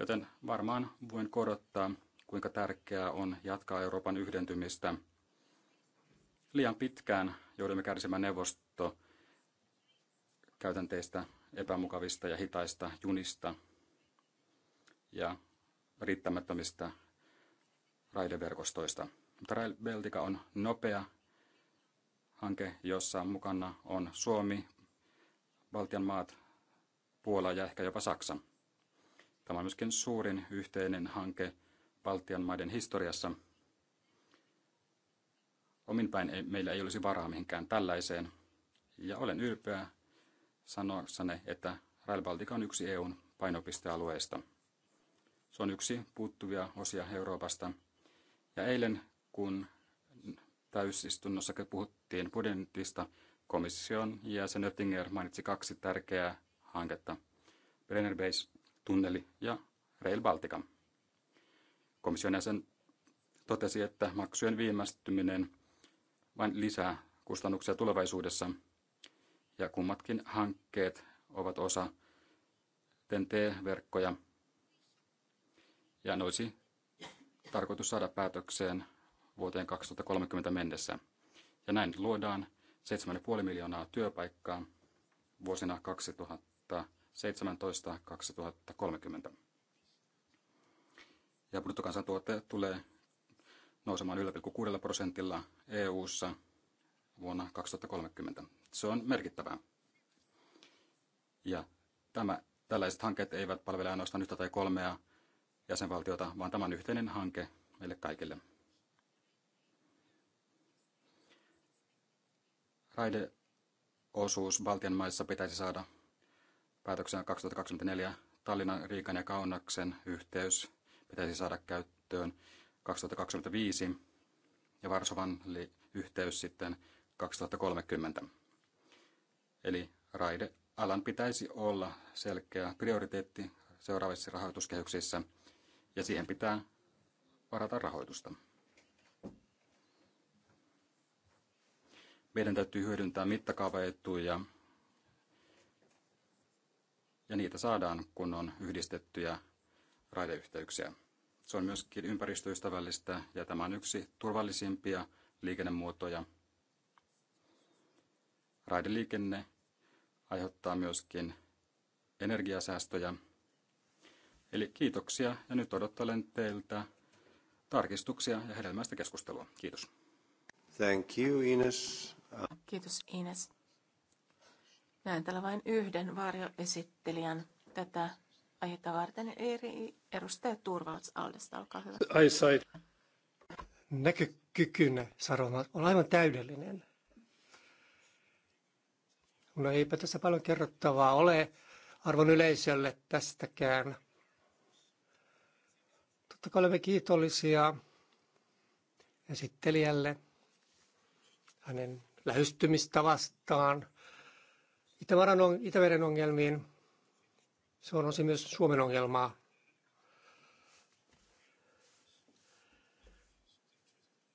Joten varmaan voin korottaa, kuinka tärkeää on jatkaa Euroopan yhdentymistä. Liian pitkään joudumme kärsimään neuvosto käytänteistä epämukavista ja hitaista junista ja riittämättömistä raideverkostoista. Rail Beltica on nopea hanke, jossa mukana on Suomi, Baltian maat, Puola ja ehkä jopa Saksa. Tämä on myöskin suurin yhteinen hanke Baltian maiden historiassa. Omin päin ei, meillä ei olisi varaa mihinkään tällaiseen. Ja olen ylpeä sanoaksanne, että Rail Baltica on yksi EUn painopistealueista. Se on yksi puuttuvia osia Euroopasta. Ja eilen, kun täysistunnossa puhuttiin budjetista, komission jäsen Oettinger mainitsi kaksi tärkeää hanketta. Brenner Base tunneli ja Rail Baltica. Komission jäsen totesi, että maksujen viimästyminen vain lisää kustannuksia tulevaisuudessa ja kummatkin hankkeet ovat osa tnt verkkoja ja ne olisi tarkoitus saada päätökseen vuoteen 2030 mennessä. Ja näin luodaan 7,5 miljoonaa työpaikkaa vuosina 2000 17 2030. Ja bruttokansantuote tulee nousemaan 1,6 prosentilla EU:ssa vuonna 2030. Se on merkittävää. Ja tämä, tällaiset hankkeet eivät palvele ainoastaan yhtä tai kolmea jäsenvaltiota, vaan tämä on yhteinen hanke meille kaikille. Raideosuus Baltian maissa pitäisi saada päätöksenä 2024 Tallinnan, Riikan ja Kaunaksen yhteys pitäisi saada käyttöön 2025 ja Varsovan yhteys sitten 2030. Eli raidealan pitäisi olla selkeä prioriteetti seuraavissa rahoituskehyksissä ja siihen pitää varata rahoitusta. Meidän täytyy hyödyntää mittakaavaetuja ja niitä saadaan, kun on yhdistettyjä raideyhteyksiä. Se on myöskin ympäristöystävällistä ja tämä on yksi turvallisimpia liikennemuotoja. Raideliikenne aiheuttaa myöskin energiasäästöjä. Eli kiitoksia ja nyt odottelen teiltä tarkistuksia ja hedelmäistä keskustelua. Kiitos. Thank you, Ines. Kiitos Ines. Näen täällä vain yhden varjoesittelijän tätä aihetta varten. Eri edustaja Turvalts Aldesta, olkaa hyvä. Ai sai. Näkökykynä, Saroma, on aivan täydellinen. No eipä tässä paljon kerrottavaa ole arvon yleisölle tästäkään. Totta kai olemme kiitollisia esittelijälle hänen lähestymistavastaan – Itämeren, Itämeren ongelmiin. Se on osin myös Suomen ongelmaa.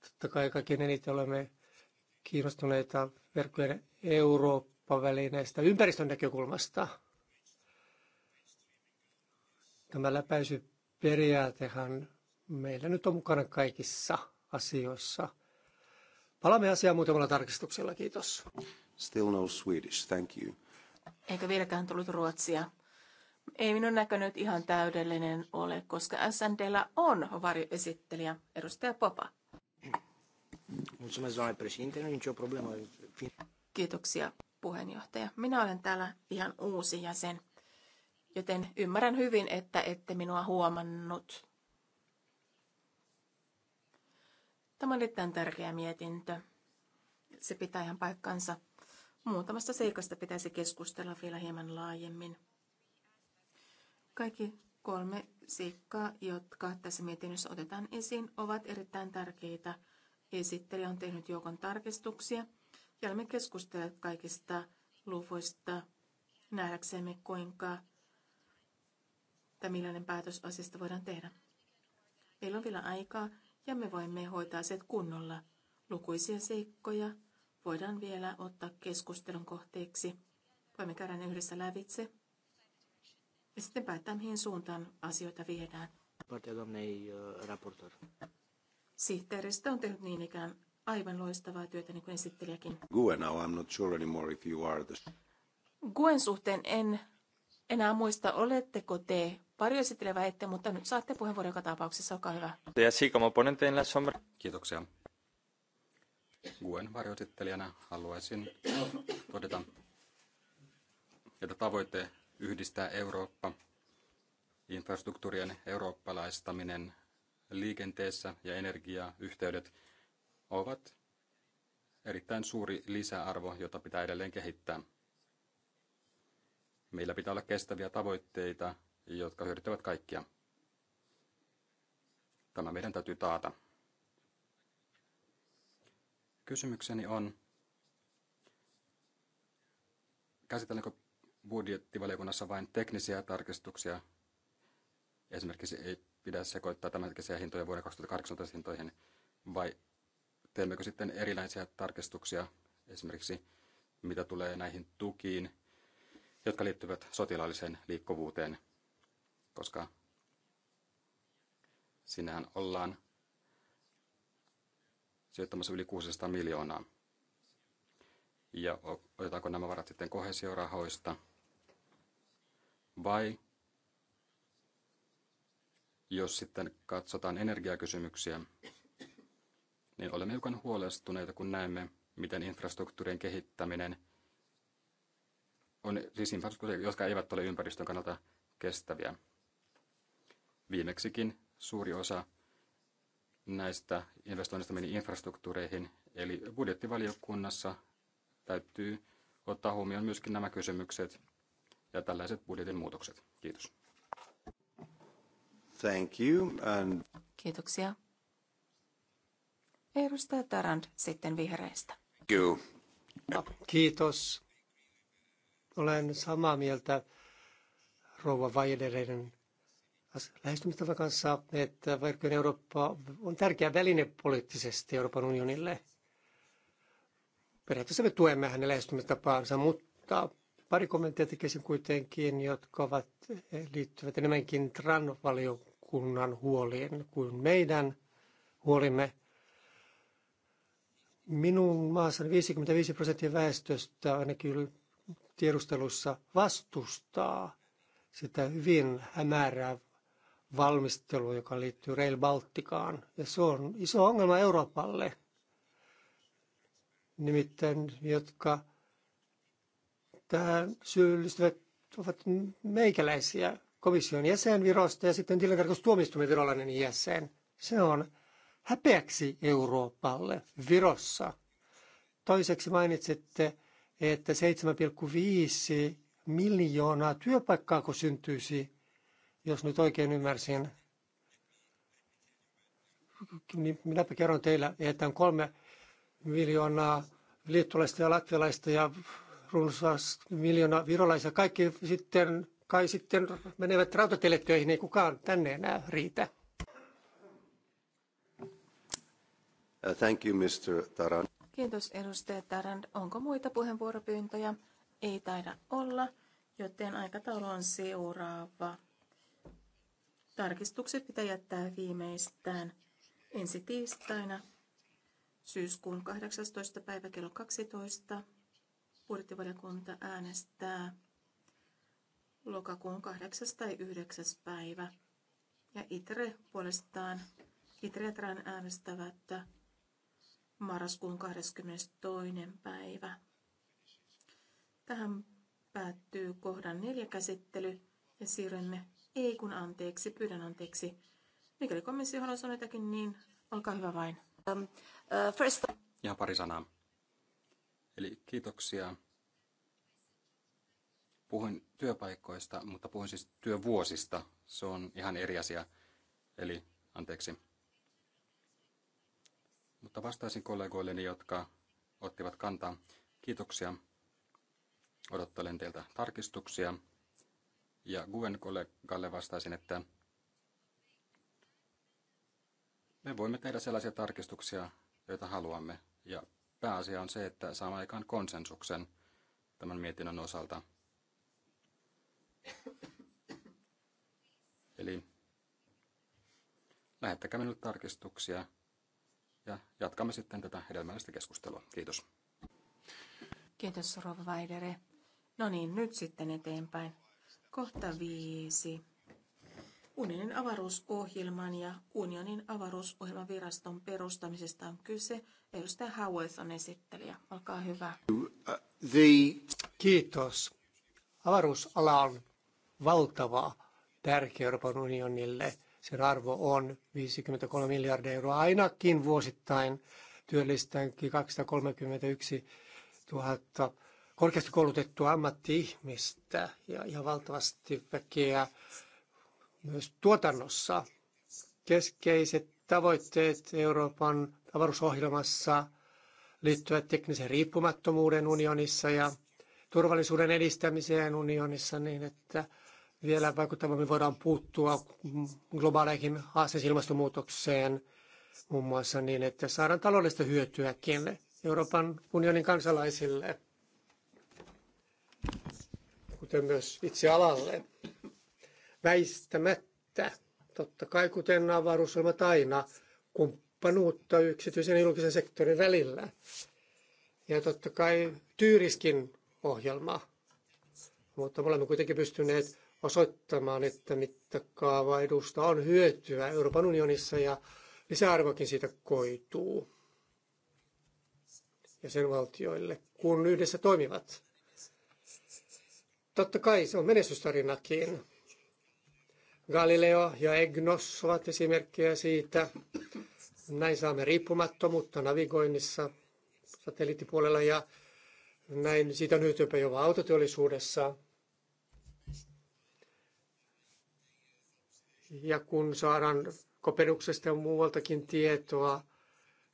Totta kai kaikkein eniten olemme kiinnostuneita verkkojen Euroopan välineestä ympäristön näkökulmasta. Tämä läpäisyperiaatehan meillä nyt on mukana kaikissa asioissa – Palaamme asiaan muutamalla tarkistuksella. Kiitos. Still no Swedish, thank you. Eikö vieläkään tullut ruotsia? Ei minun näkönyt ihan täydellinen ole, koska SNDllä on varjoesittelijä, edustaja Popa. E Kiitoksia puheenjohtaja. Minä olen täällä ihan uusi jäsen, joten ymmärrän hyvin, että ette minua huomannut. Tämä on erittäin tärkeä mietintö. Se pitää ihan paikkansa. Muutamasta seikasta pitäisi keskustella vielä hieman laajemmin. Kaikki kolme seikkaa, jotka tässä mietinnössä otetaan esiin, ovat erittäin tärkeitä. Esittelijä on tehnyt joukon tarkistuksia ja olemme keskustelleet kaikista luvuista nähdäksemme, kuinka tai millainen päätös asiasta voidaan tehdä. Meillä on vielä aikaa ja me voimme hoitaa se kunnolla. Lukuisia seikkoja voidaan vielä ottaa keskustelun kohteeksi. Voimme käydä ne yhdessä lävitse ja sitten päättää, mihin suuntaan asioita viedään. Uh, Sihteeristö on tehnyt niin ikään aivan loistavaa työtä, niin kuin esittelijäkin. Guen, now I'm not sure anymore if you are the... Guen suhteen en enää muista, oletteko te pari esittelevä ette, mutta nyt saatte puheenvuoron joka tapauksessa, olkaa hyvä. Kiitoksia. Guen varjoesittelijänä haluaisin todeta, että tavoite yhdistää Eurooppa, infrastruktuurien eurooppalaistaminen liikenteessä ja energiayhteydet ovat erittäin suuri lisäarvo, jota pitää edelleen kehittää. Meillä pitää olla kestäviä tavoitteita, jotka hyödyttävät kaikkia. Tämä meidän täytyy taata. Kysymykseni on, käsitelläänkö budjettivaliokunnassa vain teknisiä tarkistuksia? Esimerkiksi ei pidä sekoittaa tämänhetkisiä hintoja vuoden 2018 hintoihin, vai teemmekö sitten erilaisia tarkistuksia, esimerkiksi mitä tulee näihin tukiin, jotka liittyvät sotilaalliseen liikkuvuuteen, koska sinähän ollaan sijoittamassa yli 600 miljoonaa. Ja otetaanko nämä varat sitten kohesiorahoista vai jos sitten katsotaan energiakysymyksiä, niin olemme hiukan huolestuneita, kun näemme, miten infrastruktuurien kehittäminen – on siis infrastruktuuria, jotka eivät ole ympäristön kannalta kestäviä. Viimeksikin suuri osa näistä investoinnista meni infrastruktuureihin, eli budjettivaliokunnassa täytyy ottaa huomioon myöskin nämä kysymykset ja tällaiset budjetin muutokset. Kiitos. Thank you and... Kiitoksia. Edustaja Tarand sitten vihreistä. Kiitos. Kiitos. Olen samaa mieltä rouva Vajedereiden lähestymistavan kanssa, että vaikka Eurooppa on tärkeä väline poliittisesti Euroopan unionille. Periaatteessa me tuemme hänen lähestymistapaansa, mutta pari kommenttia tekisin kuitenkin, jotka ovat, eh, liittyvät enemmänkin TRAN-valiokunnan huoliin kuin meidän huolimme. Minun maassani 55 prosenttia väestöstä, ainakin tiedustelussa vastustaa sitä hyvin hämärää valmistelua, joka liittyy Rail Baltikaan. Ja se on iso ongelma Euroopalle. Nimittäin, jotka tähän syyllistyvät ovat meikäläisiä komission jäsenvirosta ja sitten tilintarkastustuomioistuimen virolainen jäsen. Se on häpeäksi Euroopalle Virossa. Toiseksi mainitsitte että 7,5 miljoonaa työpaikkaa kun syntyisi, jos nyt oikein ymmärsin. Niin minäpä kerron teille, että on kolme miljoonaa liittolaista ja latvialaista ja runsas miljoona virolaisia. Kaikki sitten, kai sitten menevät rautateille töihin, ei kukaan tänne enää riitä. Uh, thank you, Mr. Taran. Kiitos edustaja Tarand. Onko muita puheenvuoropyyntöjä? Ei taida olla, joten aikataulu on seuraava. Tarkistukset pitää jättää viimeistään ensi tiistaina syyskuun 18. päivä kello 12. Budjettivaliokunta äänestää lokakuun 8. tai 9. päivä. Ja ITRE puolestaan, ITRE ja TRAN äänestävät marraskuun 22. päivä. Tähän päättyy kohdan neljä käsittely ja siirrymme ei kun anteeksi, pyydän anteeksi. Mikäli komissio haluaa sanoa jotakin, niin olkaa hyvä vain. Um, uh, first... ja pari sanaa. Eli kiitoksia. Puhuin työpaikoista, mutta puhuin siis työvuosista. Se on ihan eri asia. Eli anteeksi. Mutta vastaisin kollegoilleni, jotka ottivat kantaa. Kiitoksia. Odottelen teiltä tarkistuksia. Ja Guen kollegalle vastaisin, että me voimme tehdä sellaisia tarkistuksia, joita haluamme. Ja pääasia on se, että saamme aikaan konsensuksen tämän mietinnön osalta. Eli lähettäkää minulle tarkistuksia ja jatkamme sitten tätä hedelmällistä keskustelua. Kiitos. Kiitos Rova Vaidere. No niin, nyt sitten eteenpäin. Kohta viisi. Unionin avaruusohjelman ja unionin avaruusohjelman viraston perustamisesta on kyse. Edustaja Howarth on esittelijä. Olkaa hyvä. The... Kiitos. Avaruusala on valtava tärkeä Euroopan unionille – sen arvo on 53 miljardia euroa ainakin vuosittain työllistäänkin 231 000 korkeasti koulutettua ammatti-ihmistä ja ihan valtavasti väkeä myös tuotannossa. Keskeiset tavoitteet Euroopan avaruusohjelmassa liittyvät teknisen riippumattomuuden unionissa ja turvallisuuden edistämiseen unionissa niin, että vielä vaikuttavammin voidaan puuttua globaaleihin haasteisiin ilmastonmuutokseen, muun muassa niin, että saadaan taloudellista hyötyäkin Euroopan unionin kansalaisille, kuten myös itse alalle. Väistämättä, totta kai kuten avaruusolmat aina, kumppanuutta yksityisen ja julkisen sektorin välillä. Ja totta kai Tyyriskin ohjelma, mutta me olemme kuitenkin pystyneet osoittamaan, että mittakaava edusta on hyötyä Euroopan unionissa ja lisäarvokin siitä koituu valtioille, kun yhdessä toimivat. Totta kai se on menestystarinakin. Galileo ja Egnos ovat esimerkkejä siitä. Näin saamme riippumattomuutta navigoinnissa satelliittipuolella ja näin siitä on hyötyä jopa autoteollisuudessa – Ja kun saadaan kopeduksesta ja muualtakin tietoa,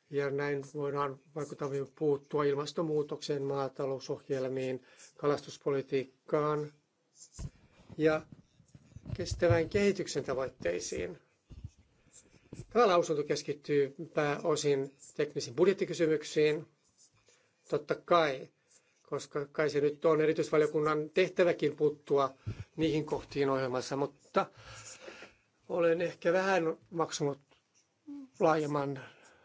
ja näin voidaan vaikuttavien puuttua ilmastonmuutokseen, maatalousohjelmiin, kalastuspolitiikkaan ja kestävän kehityksen tavoitteisiin. Tämä lausunto keskittyy pääosin teknisiin budjettikysymyksiin, totta kai, koska kai se nyt on erityisvaliokunnan tehtäväkin puuttua niihin kohtiin ohjelmassa, mutta olen ehkä vähän maksanut laajemman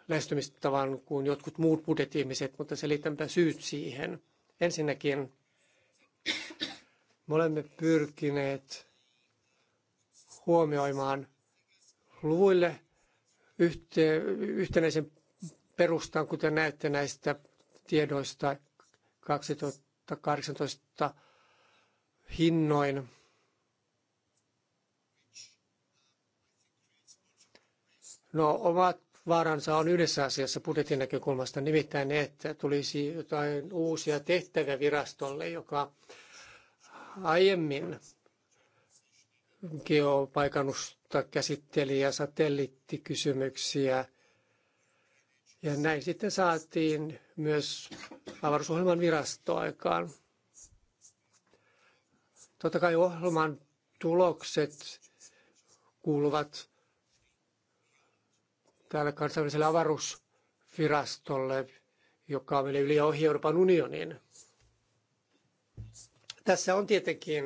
lähestymistavan kuin jotkut muut budjettiihmiset, mutta selitänpä syyt siihen. Ensinnäkin me olemme pyrkineet huomioimaan luvuille yhte, yhtenäisen perustan, kuten näette näistä tiedoista 2018 hinnoin No omat vaaransa on yhdessä asiassa budjetin näkökulmasta, nimittäin että tulisi jotain uusia tehtäviä virastolle, joka aiemmin geopaikannusta käsitteli ja satelliittikysymyksiä. Ja näin sitten saatiin myös avaruusohjelman virasto aikaan. Totta kai ohjelman tulokset kuuluvat täällä kansainväliselle avaruusvirastolle, joka menee yli ohi Euroopan unionin. Tässä on tietenkin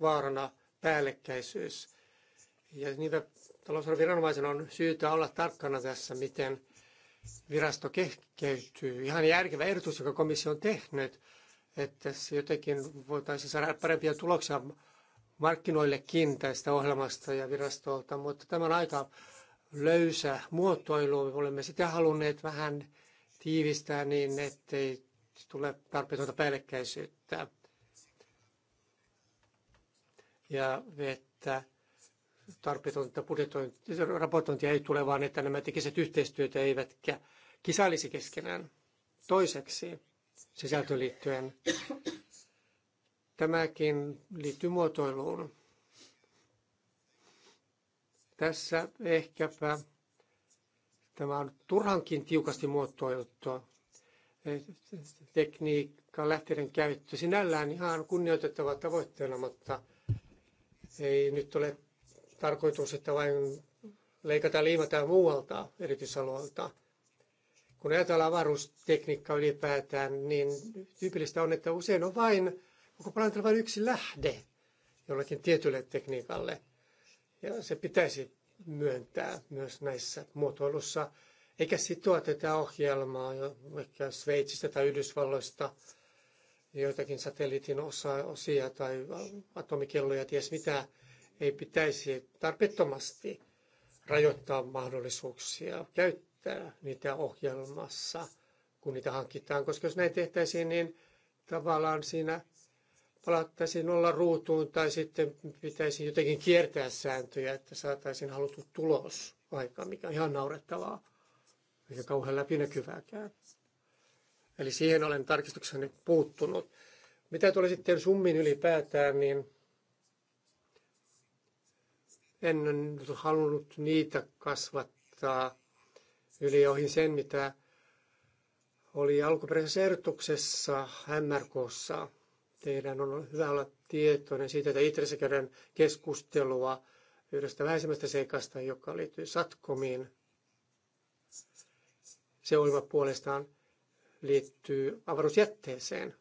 vaarana päällekkäisyys. Ja niitä talousarvoviranomaisen on syytä olla tarkkana tässä, miten virasto kehkeytyy. Ihan järkevä ehdotus, joka komissio on tehnyt, että tässä jotenkin voitaisiin saada parempia tuloksia markkinoillekin tästä ohjelmasta ja virastolta, mutta tämä on aika löysä muotoilu. Me olemme sitä halunneet vähän tiivistää niin, ettei tule tarpeetonta päällekkäisyyttä. Ja että tarpeetonta raportointia ei tule, vaan että nämä tekisivät yhteistyötä eivätkä kisailisi keskenään. Toiseksi sisältöön liittyen tämäkin liittyy muotoiluun. Tässä ehkäpä tämä on turhankin tiukasti muotoiltua. Eh, tekniikka, lähteiden käyttö sinällään ihan kunnioitettava tavoitteena, mutta ei nyt ole tarkoitus, että vain leikata liimataan muualta erityisalueelta. Kun ajatellaan avaruustekniikkaa ylipäätään, niin tyypillistä on, että usein on vain, onko planeetalla vain yksi lähde jollakin tietylle tekniikalle – ja se pitäisi myöntää myös näissä muotoilussa, eikä sitoa tätä ohjelmaa ehkä Sveitsistä tai Yhdysvalloista joitakin satelliitin osa, osia tai atomikelloja, ties mitä, ei pitäisi tarpeettomasti rajoittaa mahdollisuuksia käyttää niitä ohjelmassa, kun niitä hankitaan. Koska jos näin tehtäisiin, niin tavallaan siinä palattaisiin olla ruutuun tai sitten pitäisi jotenkin kiertää sääntöjä, että saataisiin haluttu tulos aikaan, mikä on ihan naurettavaa eikä kauhean läpinäkyvääkään. Eli siihen olen tarkistukseni puuttunut. Mitä tulee sitten summin ylipäätään, niin en halunnut niitä kasvattaa yli ohi sen, mitä oli alkuperäisessä ehdotuksessa MRKssa teidän on hyvä olla tietoinen siitä, että Itressä käydään keskustelua yhdestä vähäisemmästä seikasta, joka liittyy satkomiin. Se oiva puolestaan liittyy avaruusjätteeseen.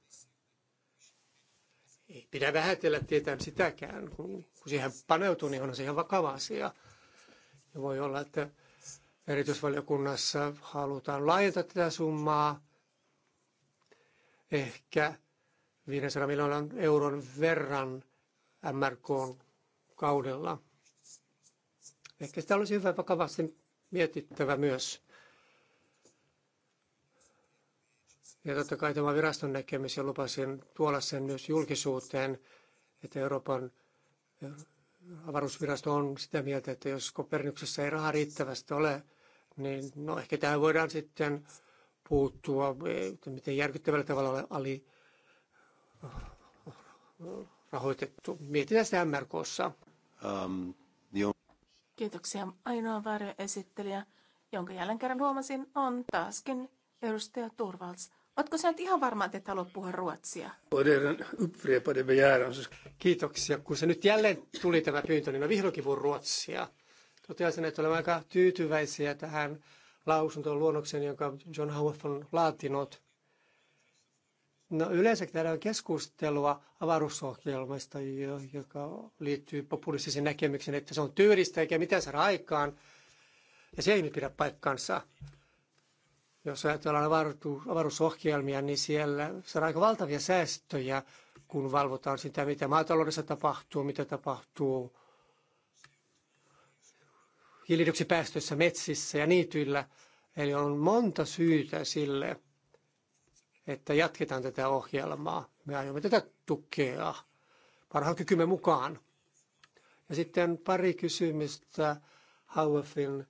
Ei pidä vähätellä tietää sitäkään, kun, kun siihen paneutuu, niin on se ihan vakava asia. Ja voi olla, että erityisvaliokunnassa halutaan laajentaa tätä summaa. Ehkä 500 miljoonan euron verran MRK kaudella. Ehkä sitä olisi hyvä vakavasti mietittävä myös. Ja totta kai tämä viraston näkemys, ja lupasin tuolla sen myös julkisuuteen, että Euroopan avaruusvirasto on sitä mieltä, että jos kopernuksessa ei rahaa riittävästi ole, niin no ehkä tähän voidaan sitten puuttua, miten järkyttävällä tavalla oli rahoitettu. Mietitään sitä MRKssa. Um, ähm, jo. Kiitoksia. Ainoa varjoesittelijä, jonka jälleen kerran huomasin, on taaskin edustaja Turvals. Oletko sinä nyt ihan varma, että et halua puhua ruotsia? Kiitoksia. Kun se nyt jälleen tuli tämä pyyntö, niin mä vihdoinkin puhun ruotsia. Toteasin, että olemme aika tyytyväisiä tähän lausuntoon luonnoksen, jonka John Howard on laatinut. No yleensä käydään keskustelua avaruusohjelmasta, joka liittyy populistisiin näkemyksiin, että se on tyylistä eikä mitään saada aikaan. Ja se ei nyt pidä paikkansa. Jos ajatellaan avaruusohjelmia, niin siellä saadaan aika valtavia säästöjä, kun valvotaan sitä, mitä maataloudessa tapahtuu, mitä tapahtuu hiilidioksipäästöissä metsissä ja niityillä. Eli on monta syytä sille, että jatketaan tätä ohjelmaa. Me aiomme tätä tukea parhaan kykymme mukaan. Ja sitten pari kysymystä Hauefin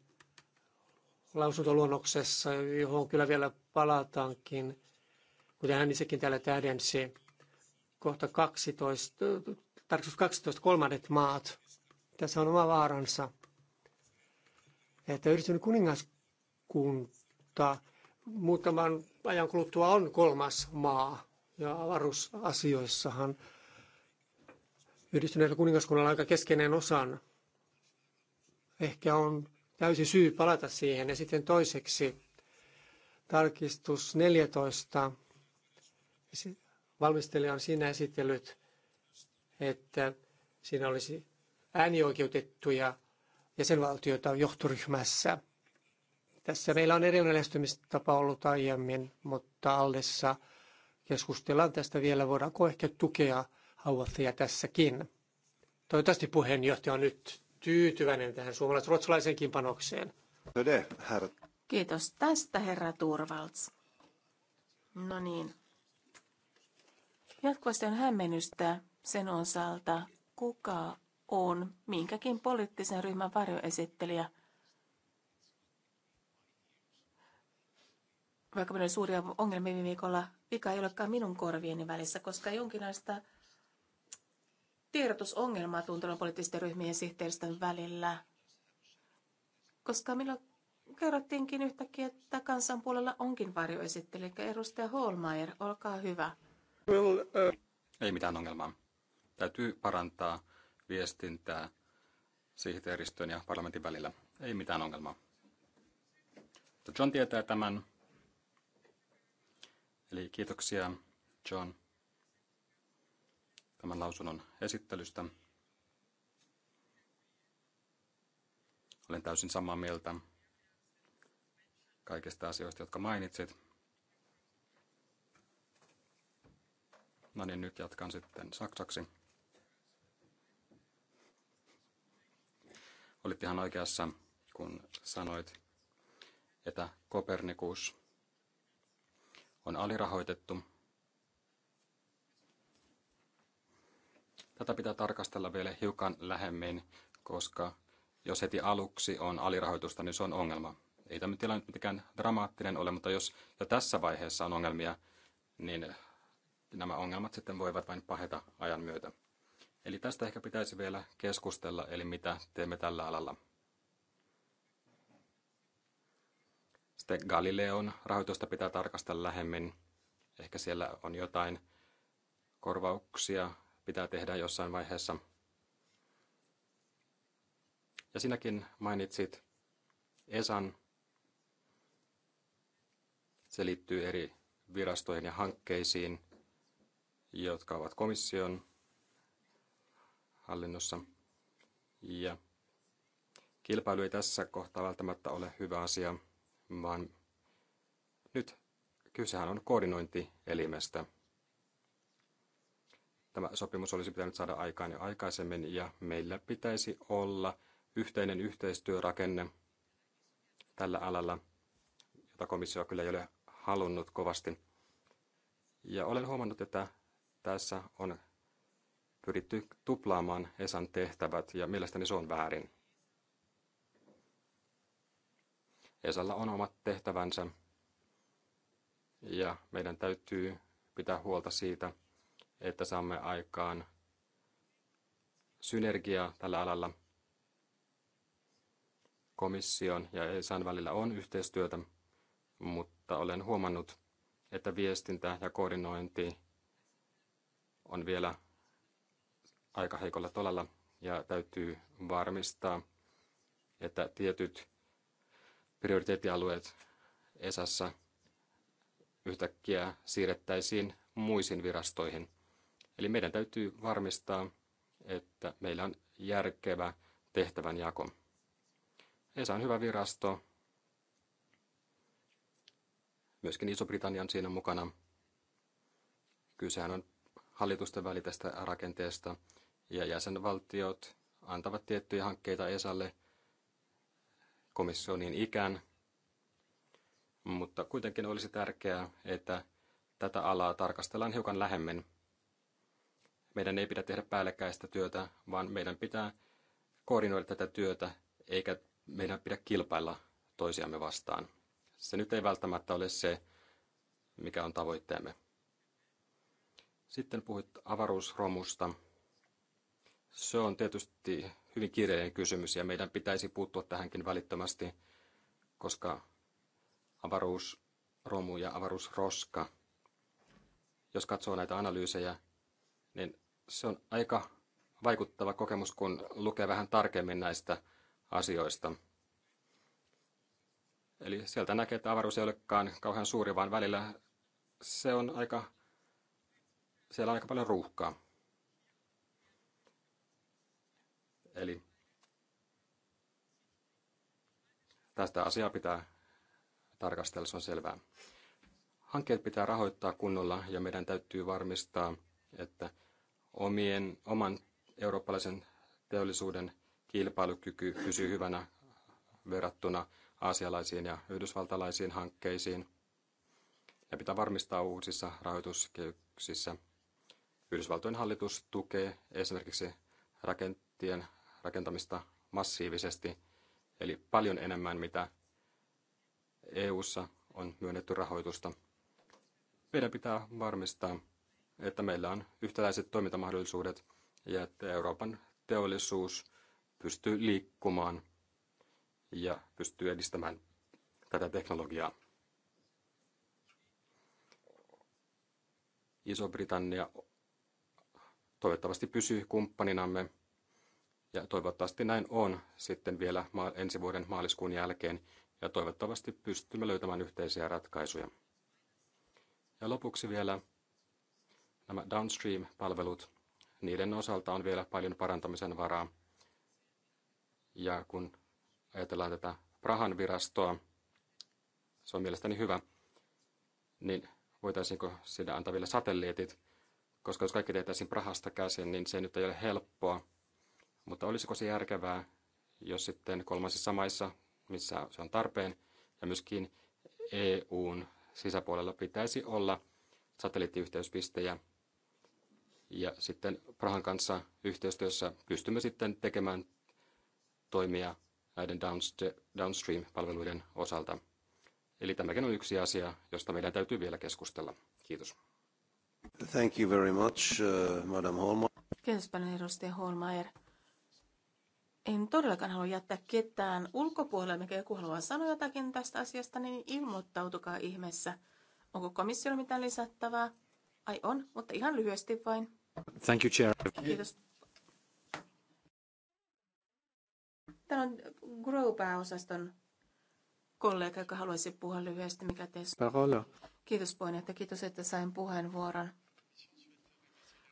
lausuntoluonnoksessa, johon kyllä vielä palataankin, kuten hän itsekin täällä tähdensi. Kohta 12, tarkoitus 12 kolmannet maat. Tässä on oma vaaransa, että yhdistynyt kuningaskunta muutaman ajan kuluttua on kolmas maa. Ja avaruusasioissahan yhdistyneellä kuningaskunnalla aika keskeinen osan. Ehkä on täysi syy palata siihen. Ja sitten toiseksi tarkistus 14. Valmistelija on siinä esitellyt, että siinä olisi äänioikeutettuja jäsenvaltioita johtoryhmässä – tässä meillä on erilainen lähestymistapa ollut aiemmin, mutta allessa keskustellaan tästä vielä. Voidaanko ehkä tukea Hauathia tässäkin? Toivottavasti puheenjohtaja on nyt tyytyväinen tähän suomalais-ruotsalaisenkin panokseen. Kiitos tästä, herra Turvalts. No niin. Jatkuvasti on hämmennystä sen osalta, kuka on minkäkin poliittisen ryhmän varjoesittelijä – vaikka meillä oli suuria ongelmia viime viikolla, vika ei olekaan minun korvieni välissä, koska jonkinlaista tiedotusongelmaa tuntuu poliittisten ryhmien sihteeristön välillä. Koska minulla kerrottiinkin yhtäkkiä, että kansan puolella onkin varjoesittely, eli edustaja Holmeier, olkaa hyvä. Well, uh... Ei mitään ongelmaa. Täytyy parantaa viestintää sihteeristön ja parlamentin välillä. Ei mitään ongelmaa. John tietää tämän Eli kiitoksia John tämän lausunnon esittelystä. Olen täysin samaa mieltä kaikista asioista, jotka mainitsit. No niin, nyt jatkan sitten saksaksi. Olit ihan oikeassa, kun sanoit, että Kopernikus on alirahoitettu. Tätä pitää tarkastella vielä hiukan lähemmin, koska jos heti aluksi on alirahoitusta, niin se on ongelma. Ei tämä tilanne mitenkään dramaattinen ole, mutta jos jo tässä vaiheessa on ongelmia, niin nämä ongelmat sitten voivat vain paheta ajan myötä. Eli tästä ehkä pitäisi vielä keskustella, eli mitä teemme tällä alalla. Sitten Galileon rahoitusta pitää tarkastella lähemmin. Ehkä siellä on jotain korvauksia pitää tehdä jossain vaiheessa. Ja sinäkin mainitsit ESAN. Se liittyy eri virastoihin ja hankkeisiin, jotka ovat komission hallinnossa. Ja kilpailu ei tässä kohtaa välttämättä ole hyvä asia vaan nyt kysehän on koordinointielimestä. Tämä sopimus olisi pitänyt saada aikaan jo aikaisemmin ja meillä pitäisi olla yhteinen yhteistyörakenne tällä alalla, jota komissio kyllä ei ole halunnut kovasti. Ja olen huomannut, että tässä on pyritty tuplaamaan ESAn tehtävät ja mielestäni se on väärin. Esällä on omat tehtävänsä ja meidän täytyy pitää huolta siitä, että saamme aikaan synergiaa tällä alalla. Komission ja ESAn välillä on yhteistyötä, mutta olen huomannut, että viestintä ja koordinointi on vielä aika heikolla tolalla ja täytyy varmistaa, että tietyt prioriteettialueet ESassa yhtäkkiä siirrettäisiin muisiin virastoihin. Eli meidän täytyy varmistaa, että meillä on järkevä tehtävänjako. ESA on hyvä virasto. Myöskin Iso-Britannia on siinä mukana. Kysehän on hallitusten välitestä rakenteesta ja jäsenvaltiot antavat tiettyjä hankkeita ESAlle komissio niin ikään, mutta kuitenkin olisi tärkeää, että tätä alaa tarkastellaan hiukan lähemmin. Meidän ei pidä tehdä päällekkäistä työtä, vaan meidän pitää koordinoida tätä työtä, eikä meidän pidä kilpailla toisiamme vastaan. Se nyt ei välttämättä ole se, mikä on tavoitteemme. Sitten puhuit avaruusromusta. Se on tietysti hyvin kiireinen kysymys ja meidän pitäisi puuttua tähänkin välittömästi, koska avaruusromu ja avaruusroska, jos katsoo näitä analyysejä, niin se on aika vaikuttava kokemus, kun lukee vähän tarkemmin näistä asioista. Eli sieltä näkee, että avaruus ei olekaan kauhean suuri, vaan välillä se on aika, siellä on aika paljon ruuhkaa. Eli tästä asiaa pitää tarkastella, se on selvää. Hankkeet pitää rahoittaa kunnolla ja meidän täytyy varmistaa, että omien, oman eurooppalaisen teollisuuden kilpailukyky pysyy hyvänä verrattuna aasialaisiin ja yhdysvaltalaisiin hankkeisiin. Ja pitää varmistaa uusissa rahoituskehyksissä. Yhdysvaltojen hallitus tukee esimerkiksi rakentien rakentamista massiivisesti, eli paljon enemmän mitä EU:ssa on myönnetty rahoitusta. Meidän pitää varmistaa, että meillä on yhtäläiset toimintamahdollisuudet ja että Euroopan teollisuus pystyy liikkumaan ja pystyy edistämään tätä teknologiaa. Iso-Britannia toivottavasti pysyy kumppaninamme ja toivottavasti näin on sitten vielä ensi vuoden maaliskuun jälkeen, ja toivottavasti pystymme löytämään yhteisiä ratkaisuja. Ja lopuksi vielä nämä downstream-palvelut. Niiden osalta on vielä paljon parantamisen varaa. Ja kun ajatellaan tätä Prahan virastoa, se on mielestäni hyvä, niin voitaisiinko sinne antaa vielä satelliitit, koska jos kaikki tehtäisiin Prahasta käsin, niin se nyt ei ole helppoa mutta olisiko se järkevää, jos sitten kolmansissa maissa, missä se on tarpeen, ja myöskin EUn sisäpuolella pitäisi olla satelliittiyhteyspistejä. Ja sitten Prahan kanssa yhteistyössä pystymme sitten tekemään toimia näiden downstream-palveluiden osalta. Eli tämäkin on yksi asia, josta meidän täytyy vielä keskustella. Kiitos. Thank you very much, uh, Madam Holma. Kiitos paljon, edustaja Holmeier. En todellakaan halua jättää ketään ulkopuolelle, mikä joku haluaa sanoa jotakin tästä asiasta, niin ilmoittautukaa ihmeessä. Onko komissiolla mitään lisättävää? Ai on, mutta ihan lyhyesti vain. Thank you, Chair. Kiitos. Täällä on Grow-pääosaston kollega, joka haluaisi puhua lyhyesti, mikä teistä. Parola. Kiitos puheenjohtaja, kiitos, että sain puheenvuoron.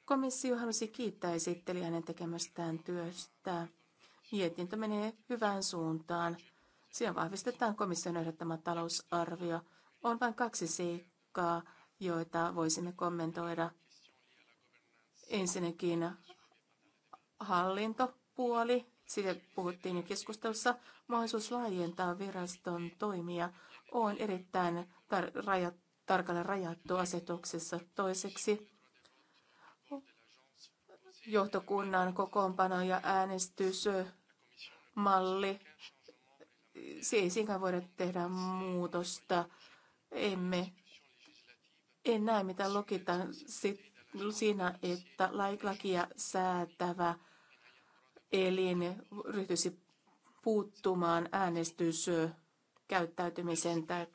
Komissio halusi kiittää esittelijä hänen tekemästään työstä mietintö menee hyvään suuntaan. Siinä vahvistetaan komission ehdottama talousarvio. On vain kaksi seikkaa, joita voisimme kommentoida. Ensinnäkin hallintopuoli, siitä puhuttiin jo keskustelussa, mahdollisuus laajentaa viraston toimia on erittäin tar- raja- tarkalleen rajattu asetuksessa. Toiseksi johtokunnan kokoonpano ja äänestys malli. Siihen siinkään voida tehdä muutosta. Emme en näe mitä logitan siinä, että lakia säätävä elin ryhtyisi puuttumaan äänestyskäyttäytymiseen tai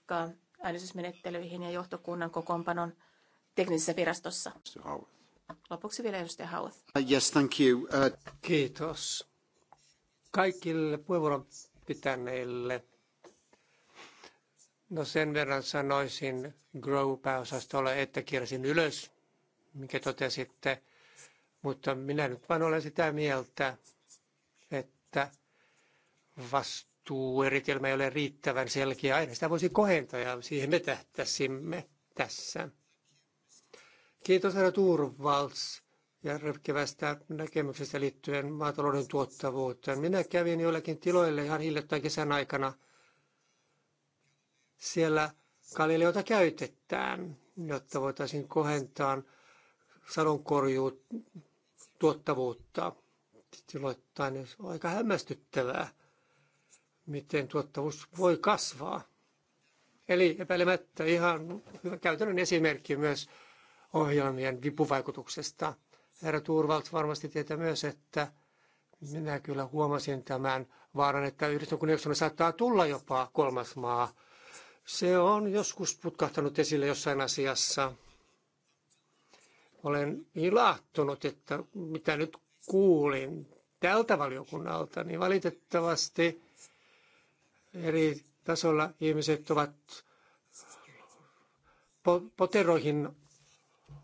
äänestysmenettelyihin ja johtokunnan kokoonpanon teknisessä virastossa. Lopuksi vielä edustaja Hauth. Uh, yes, thank you. Uh... Kiitos kaikille puheenvuoron pitäneille. No sen verran sanoisin Grow-pääosastolle, että kirsin ylös, mikä totesitte. Mutta minä nyt vain olen sitä mieltä, että vastuueritelmä ei ole riittävän selkeä. Aina sitä voisi kohentaa ja siihen me tähtäisimme tässä. Kiitos herra Turvals järkevästä näkemyksestä liittyen maatalouden tuottavuuteen. Minä kävin joillakin tiloille ihan hiljattain kesän aikana. Siellä kalileota käytetään, jotta voitaisiin kohentaa sadonkorjuu tuottavuutta tiloittain. on aika hämmästyttävää, miten tuottavuus voi kasvaa. Eli epäilemättä ihan hyvä käytännön esimerkki myös ohjelmien vipuvaikutuksesta – Herra Turvalt varmasti tietää myös, että minä kyllä huomasin tämän vaaran, että yhdistön saattaa tulla jopa kolmas maa. Se on joskus putkahtanut esille jossain asiassa. Olen ilahtunut, että mitä nyt kuulin tältä valiokunnalta, niin valitettavasti eri tasolla ihmiset ovat poteroihin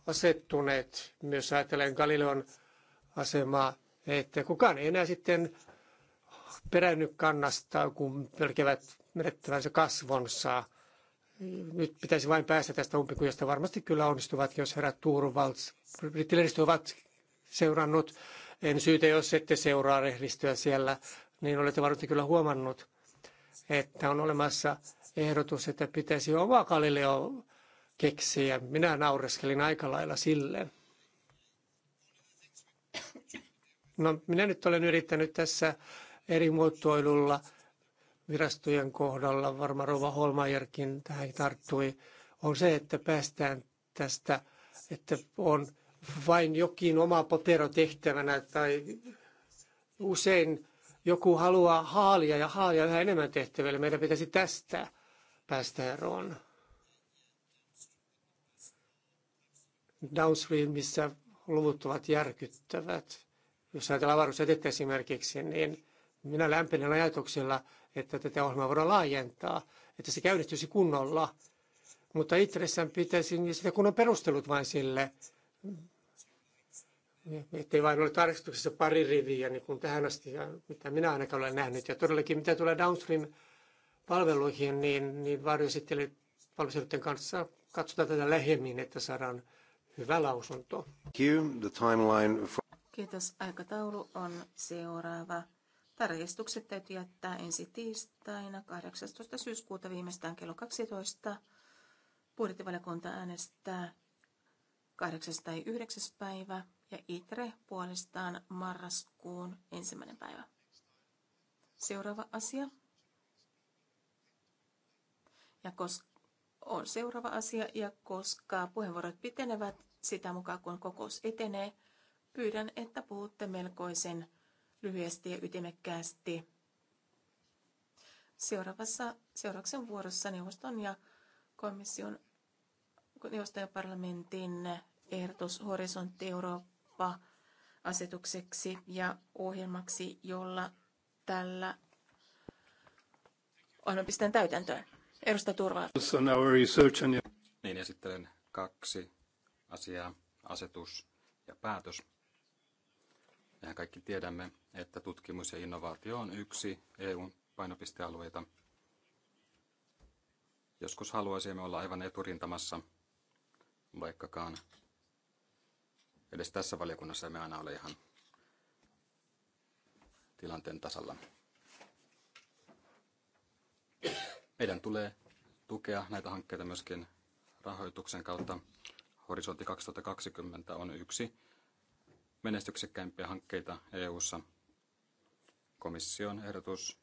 asettuneet, myös ajatellen Galileon asemaa, että kukaan ei enää sitten perännyt kannasta, kun pelkevät menettävänsä kasvonsa. Nyt pitäisi vain päästä tästä umpikujasta. Varmasti kyllä onnistuvat, jos herrat Tuurvalds, brittilehdistö ovat seurannut. En syytä, jos ette seuraa lehdistöä siellä, niin olette varmasti kyllä huomannut, että on olemassa ehdotus, että pitäisi omaa Galileo ja Minä naureskelin aika lailla sille. No, minä nyt olen yrittänyt tässä eri muotoilulla virastojen kohdalla, varmaan Rova Holmajerkin tähän tarttui, on se, että päästään tästä, että on vain jokin oma potero tehtävänä tai usein joku haluaa haalia ja haalia yhä enemmän tehtäville. Meidän pitäisi tästä päästä eroon. Downstreamissa luvut ovat järkyttävät. Jos ajatellaan avaruusjätettä esimerkiksi, niin minä lämpenen ajatuksella, että tätä ohjelmaa voidaan laajentaa, että se käynnistyisi kunnolla. Mutta itsessään pitäisi niin sitä kunnon perustelut vain sille, että ei vain ole tarkistuksessa pari riviä, niin kuin tähän asti, mitä minä ainakaan olen nähnyt. Ja todellakin, mitä tulee downstream-palveluihin, niin, niin varjoesittelyiden kanssa katsotaan tätä lähemmin, että saadaan hyvä lausunto. Kiitos. Aikataulu on seuraava. Tarkistukset täytyy jättää ensi tiistaina 18. syyskuuta viimeistään kello 12. Budjettivaliokunta äänestää 8. tai 9. päivä ja ITRE puolestaan marraskuun ensimmäinen päivä. Seuraava asia. Ja koska on seuraava asia, ja koska puheenvuorot pitenevät sitä mukaan, kun kokous etenee, pyydän, että puhutte melkoisen lyhyesti ja ytimekkäästi. Seuraavassa, seurauksen vuorossa neuvoston ja komission neuvoston ja parlamentin ehdotus Horisontti Eurooppa asetukseksi ja ohjelmaksi, jolla tällä on pistetään täytäntöön. Edustaja Turva. Niin esittelen kaksi asiaa, asetus ja päätös. Mehän kaikki tiedämme, että tutkimus ja innovaatio on yksi EUn painopistealueita. Joskus haluaisimme olla aivan eturintamassa, vaikkakaan edes tässä valiokunnassa emme aina ole ihan tilanteen tasalla. Meidän tulee tukea näitä hankkeita myöskin rahoituksen kautta. Horisontti 2020 on yksi menestyksekkäimpiä hankkeita EU:ssa. Komission ehdotus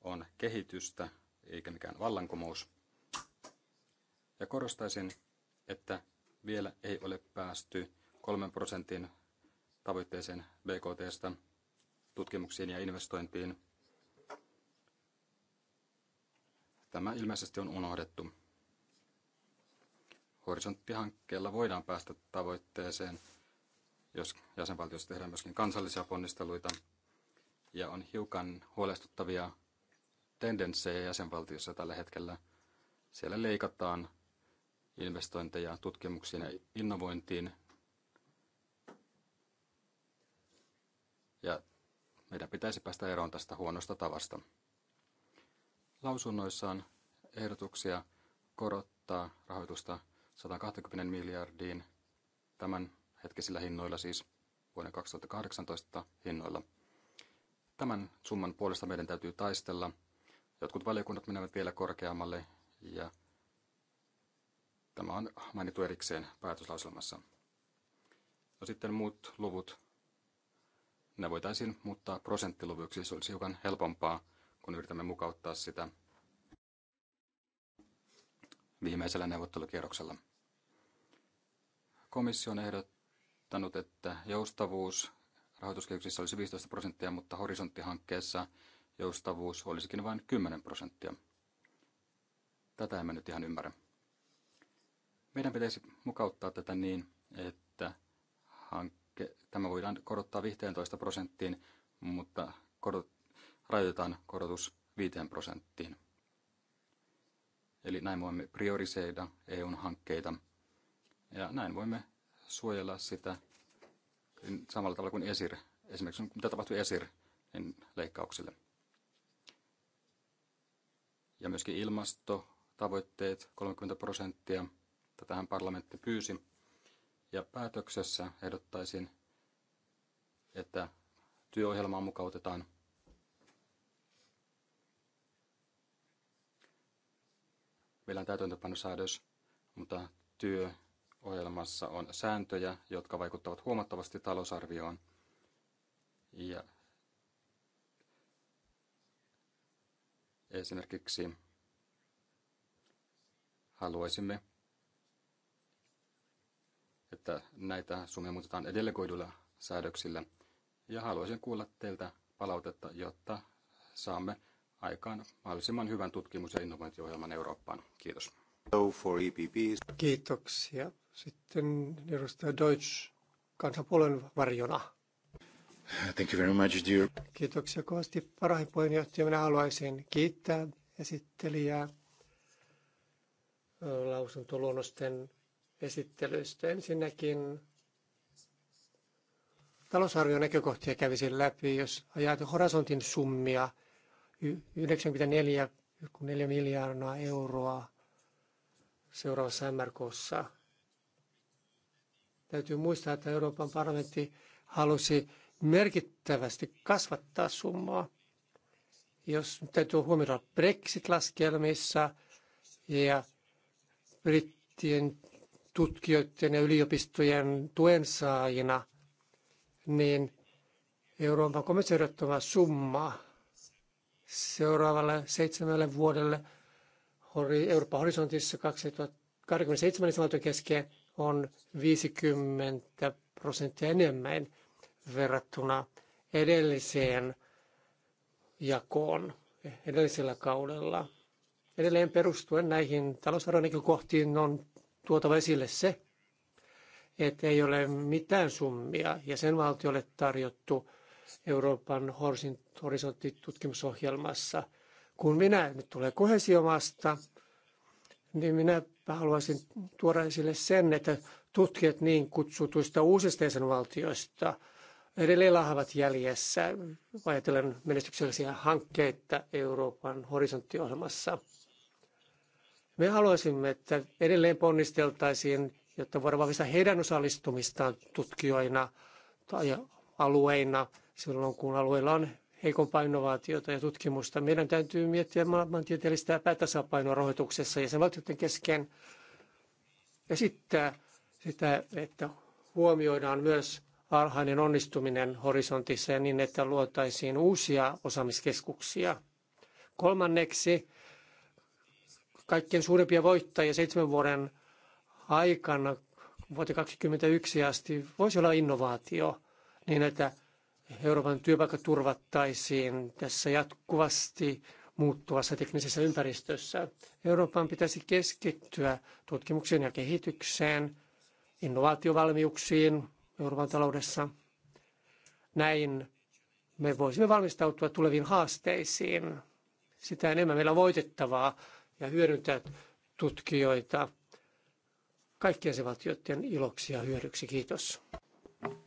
on kehitystä eikä mikään vallankumous. Ja korostaisin, että vielä ei ole päästy kolmen prosentin tavoitteeseen BKTstä tutkimuksiin ja investointiin Tämä ilmeisesti on unohdettu. Horisonttihankkeella voidaan päästä tavoitteeseen, jos jäsenvaltiossa tehdään myöskin kansallisia ponnisteluita, ja on hiukan huolestuttavia tendenssejä jäsenvaltiossa tällä hetkellä. Siellä leikataan investointeja tutkimuksiin ja innovointiin. Ja meidän pitäisi päästä eroon tästä huonosta tavasta lausunnoissaan ehdotuksia korottaa rahoitusta 120 miljardiin tämän hetkisillä hinnoilla, siis vuoden 2018 hinnoilla. Tämän summan puolesta meidän täytyy taistella. Jotkut valiokunnat menevät vielä korkeammalle ja tämä on mainittu erikseen päätöslauselmassa. No sitten muut luvut, ne voitaisiin muuttaa prosenttiluvuiksi, se olisi hiukan helpompaa kun yritämme mukauttaa sitä viimeisellä neuvottelukierroksella. Komissio on ehdottanut, että joustavuus rahoituskehyksissä olisi 15 prosenttia, mutta horisonttihankkeessa joustavuus olisikin vain 10 prosenttia. Tätä emme nyt ihan ymmärrä. Meidän pitäisi mukauttaa tätä niin, että hankke, tämä voidaan korottaa 15 prosenttiin, mutta korot, rajoitetaan korotus 5 prosenttiin. Eli näin voimme priorisoida EUn hankkeita ja näin voimme suojella sitä niin samalla tavalla kuin ESIR. Esimerkiksi mitä tapahtui ESIR niin leikkauksille. Ja myöskin ilmastotavoitteet 30 prosenttia. Tätähän parlamentti pyysi. Ja päätöksessä ehdottaisin, että työohjelmaa mukautetaan – Meillä on täytäntöpanosäädös, mutta työohjelmassa on sääntöjä, jotka vaikuttavat huomattavasti talousarvioon. Ja esimerkiksi haluaisimme, että näitä summia muutetaan delegoidulla säädöksillä. Ja haluaisin kuulla teiltä palautetta, jotta saamme aikaan mahdollisimman hyvän tutkimus- ja innovaatio-ohjelman Eurooppaan. Kiitos. For e Kiitoksia. Sitten edustaja Deutsch kansanpuolen varjona. Thank you very much, dear. Kiitoksia kovasti parhaan puheenjohtaja. Minä haluaisin kiittää esittelijää lausuntoluonnosten esittelystä. Ensinnäkin talousarvion näkökohtia kävisin läpi, jos ajat horisontin summia – 94,4 miljoonaa euroa seuraavassa MRKssa. Täytyy muistaa, että Euroopan parlamentti halusi merkittävästi kasvattaa summaa. Jos täytyy huomioida Brexit-laskelmissa ja brittien tutkijoiden ja yliopistojen tuen saajina, niin Euroopan komissio summa seuraavalle seitsemälle vuodelle. Euroopan horisontissa 2027 valtion kesken on 50 prosenttia enemmän verrattuna edelliseen jakoon edellisellä kaudella. Edelleen perustuen näihin talousarvonäkökohtiin on tuotava esille se, että ei ole mitään summia jäsenvaltiolle tarjottu – Euroopan horisonttitutkimusohjelmassa. Kun minä nyt tulee kohesiomasta, niin minä haluaisin tuoda esille sen, että tutkijat niin kutsutuista uusista jäsenvaltioista edelleen lahavat jäljessä, ajatellen menestyksellisiä hankkeita Euroopan horisonttiohjelmassa. Me haluaisimme, että edelleen ponnisteltaisiin, jotta voidaan vahvistaa heidän osallistumistaan tutkijoina tai alueina – silloin, kun alueella on heikompaa innovaatiota ja tutkimusta. Meidän täytyy miettiä maailmantieteellistä epätasapainoa rahoituksessa ja sen valtioiden kesken esittää sitä, että huomioidaan myös alhainen onnistuminen horisontissa ja niin, että luotaisiin uusia osaamiskeskuksia. Kolmanneksi kaikkien suurimpia voittajia seitsemän vuoden aikana vuoteen 2021 asti voisi olla innovaatio niin, että Euroopan työpaikka turvattaisiin tässä jatkuvasti muuttuvassa teknisessä ympäristössä. Euroopan pitäisi keskittyä tutkimukseen ja kehitykseen, innovaatiovalmiuksiin Euroopan taloudessa. Näin me voisimme valmistautua tuleviin haasteisiin. Sitä enemmän meillä on voitettavaa ja hyödyntää tutkijoita kaikkien se valtioiden iloksi ja hyödyksi. Kiitos.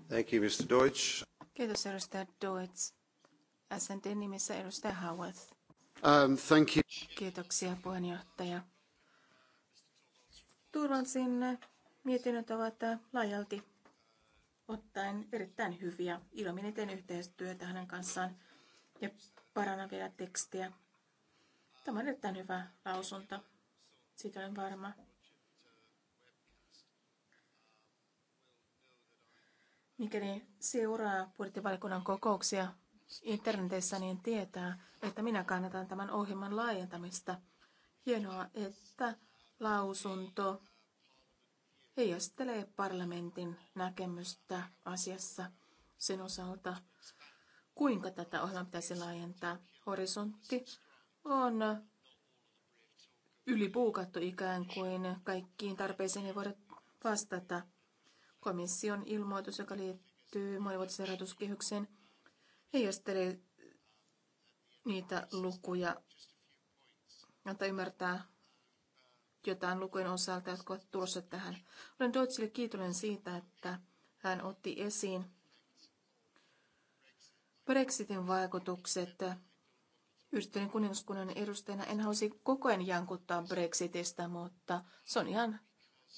Thank you, Mr. Deutsch. Kiitos edustaja Doets. SNTn nimissä edustaja Howard. Um, thank you. Kiitoksia puheenjohtaja. Turvallisin mietinnöt ovat laajalti ottaen erittäin hyviä. Ilomin eteen yhteistyötä hänen kanssaan ja parannan vielä tekstiä. Tämä on erittäin hyvä lausunto. Siitä olen varma. Mikäli seuraa budjettivaliokunnan kokouksia internetissä, niin tietää, että minä kannatan tämän ohjelman laajentamista. Hienoa, että lausunto heijastelee parlamentin näkemystä asiassa sen osalta, kuinka tätä ohjelmaa pitäisi laajentaa. Horisontti on ylipuukattu ikään kuin kaikkiin tarpeisiin ei voida vastata. Komission ilmoitus, joka liittyy monivuotisen heijasteli niitä lukuja, jotta ymmärtää jotain lukujen osalta, jotka ovat tulossa tähän. Olen Deutschille kiitollinen siitä, että hän otti esiin Brexitin vaikutukset. Yhdistyneen kuningaskunnan edustajana en halusi koko ajan jankuttaa Brexitistä, mutta se on ihan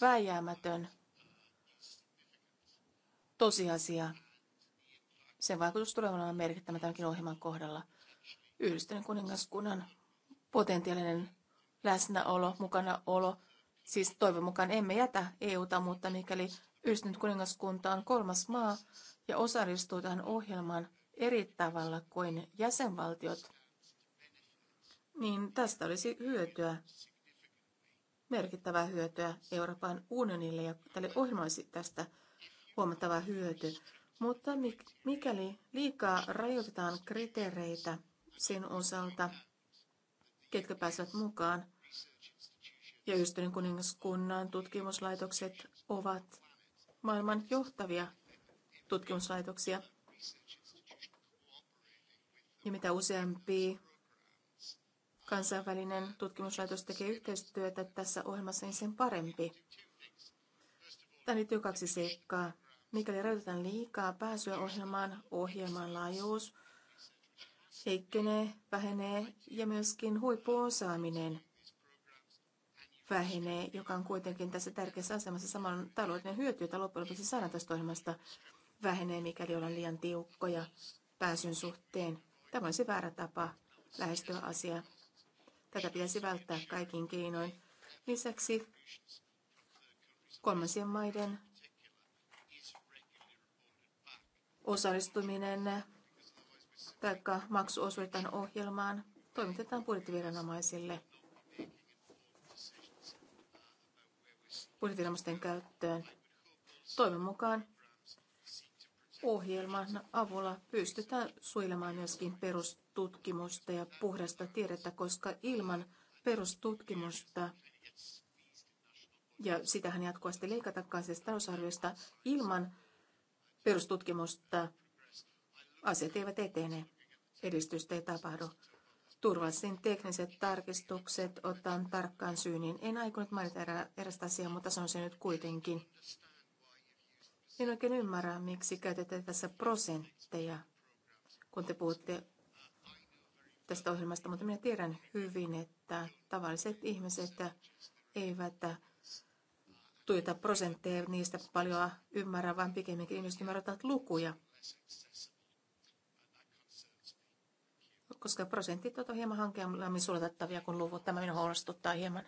vääjäämätön tosiasia. Sen vaikutus tulee olemaan merkittävä tämänkin ohjelman kohdalla. Yhdistyneen kuningaskunnan potentiaalinen läsnäolo, mukanaolo. Siis toivon mukaan emme jätä EUta, mutta mikäli yhdistynyt kuningaskunta on kolmas maa ja osallistuu tähän ohjelmaan eri tavalla kuin jäsenvaltiot, niin tästä olisi hyötyä, merkittävää hyötyä Euroopan unionille ja tälle ohjelmaisi tästä huomattava hyöty. Mutta mikäli liikaa rajoitetaan kriteereitä sen osalta, ketkä pääsevät mukaan, ja ystävien kuningaskunnan tutkimuslaitokset ovat maailman johtavia tutkimuslaitoksia. Ja mitä useampi kansainvälinen tutkimuslaitos tekee yhteistyötä tässä ohjelmassa, niin sen parempi. Tämä liittyy kaksi seikkaa. Mikäli rajoitetaan liikaa pääsyä ohjelmaan, ohjelman laajuus heikkenee, vähenee ja myöskin huippuosaaminen vähenee, joka on kuitenkin tässä tärkeässä asemassa saman taloudellinen hyöty, jota loppujen lopuksi saadaan tästä ohjelmasta, vähenee, mikäli ollaan liian tiukkoja pääsyn suhteen. Tämä olisi väärä tapa lähestyä asiaa. Tätä pitäisi välttää kaikin keinoin. Lisäksi kolmansien maiden osallistuminen tai maksuosuuden ohjelmaan toimitetaan budjettiviranomaisille budjettiviranomaisten käyttöön. Toivon mukaan ohjelman avulla pystytään suojelemaan myöskin perustutkimusta ja puhdasta tiedettä, koska ilman perustutkimusta ja sitähän jatkuvasti leikata kansallisesta talousarviosta ilman perustutkimusta, asiat eivät etene, edistystä ei tapahdu. Turvallisin tekniset tarkistukset otan tarkkaan syyniin. En aikonut mainita erä, erästä asiaa, mutta on se nyt kuitenkin. En oikein ymmärrä, miksi käytetään tässä prosentteja, kun te puhutte tästä ohjelmasta, mutta minä tiedän hyvin, että tavalliset ihmiset eivät tuttuita prosentteja, niistä paljon ymmärrä, vaan pikemminkin ihmiset ymmärtävät lukuja. Koska prosentit ovat hieman hankeammin sulatettavia kuin luvut, tämä minua huolestuttaa hieman.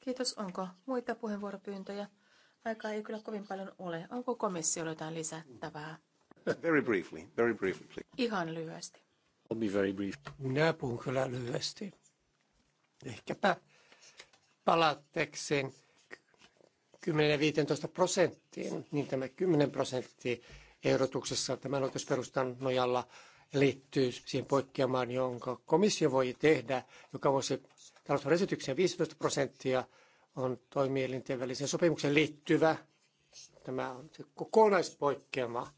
Kiitos. Onko muita puheenvuoropyyntöjä? Aikaa ei kyllä kovin paljon ole. Onko komissiolla jotain lisättävää? Very briefly, very briefly, Ihan lyhyesti. I'll be very brief. Minä puhun kyllä lyhyesti. Ehkäpä palatteksi. 10-15 prosenttiin, niin tämä 10 prosentti ehdotuksessa tämän oikeusperustan nojalla liittyy siihen poikkeamaan, jonka komissio voi tehdä, joka voisi talousarvon esitykseen 15 prosenttia on toimielinten väliseen sopimukseen liittyvä. Tämä on se kokonaispoikkeama,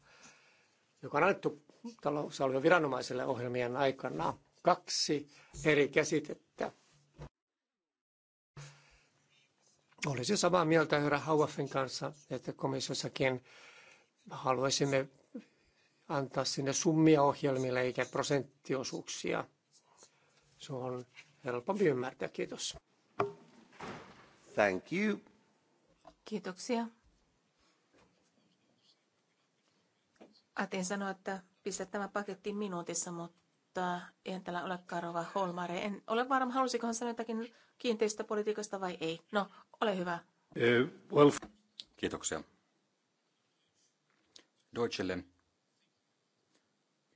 joka on annettu talousarvion viranomaiselle ohjelmien aikana. Kaksi eri käsitettä Olisin samaa mieltä herra Hauaffin kanssa, että komissiossakin haluaisimme antaa sinne summia ohjelmille eikä prosenttiosuuksia. Se on helpompi ymmärtää. Kiitos. Thank you. Kiitoksia. Ajattelin sanoa, että pistä tämä paketti minuutissa, mutta en täällä ole Karova Holmare. En ole varma, halusikohan sanoa jotakin kiinteistöpolitiikasta vai ei. No, ole hyvä. Eh, Kiitoksia. Deutschelle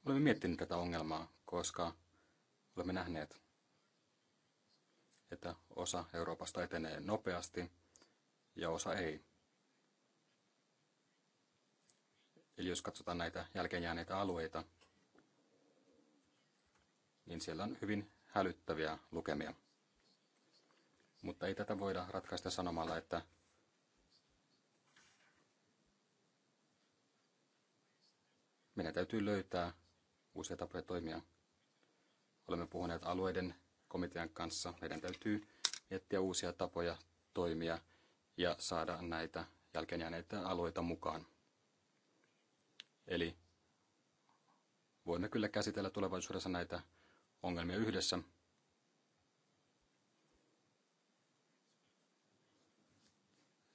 olemme miettineet tätä ongelmaa, koska olemme nähneet, että osa Euroopasta etenee nopeasti ja osa ei. Eli jos katsotaan näitä jälkeenjääneitä alueita, niin siellä on hyvin hälyttäviä lukemia. Mutta ei tätä voida ratkaista sanomalla, että meidän täytyy löytää uusia tapoja toimia. Olemme puhuneet alueiden komitean kanssa. Meidän täytyy miettiä uusia tapoja toimia ja saada näitä jälkeenjääneitä alueita mukaan. Eli voimme kyllä käsitellä tulevaisuudessa näitä ongelmia yhdessä,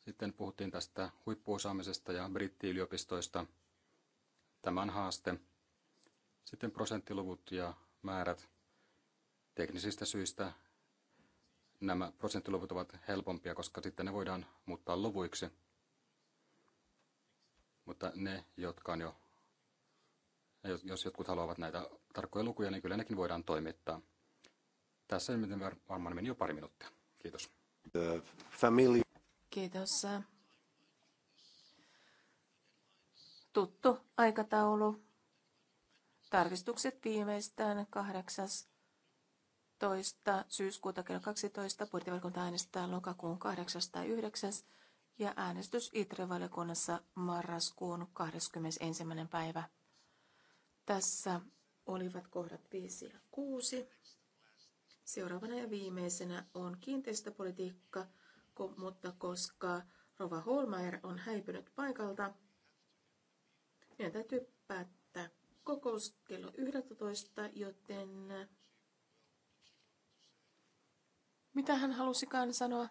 Sitten puhuttiin tästä huippuosaamisesta ja brittiyliopistoista. Tämä on haaste. Sitten prosenttiluvut ja määrät. Teknisistä syistä nämä prosenttiluvut ovat helpompia, koska sitten ne voidaan muuttaa luvuiksi. Mutta ne, jotka on jo, jos jotkut haluavat näitä tarkkoja lukuja, niin kyllä nekin voidaan toimittaa. Tässä miten varmaan meni jo pari minuuttia. Kiitos. Family. Kiitos. Tuttu aikataulu. Tarkistukset viimeistään 18. syyskuuta kello 12. Budjettivaliokunta äänestää lokakuun 8. tai 9. ja äänestys ITRE-valiokunnassa marraskuun 21. päivä. Tässä olivat kohdat 5 ja 6. Seuraavana ja viimeisenä on kiinteistöpolitiikka – mutta koska Rova Holmeier on häipynyt paikalta, meidän täytyy päättää kokous kello 11, joten mitä hän halusikaan sanoa?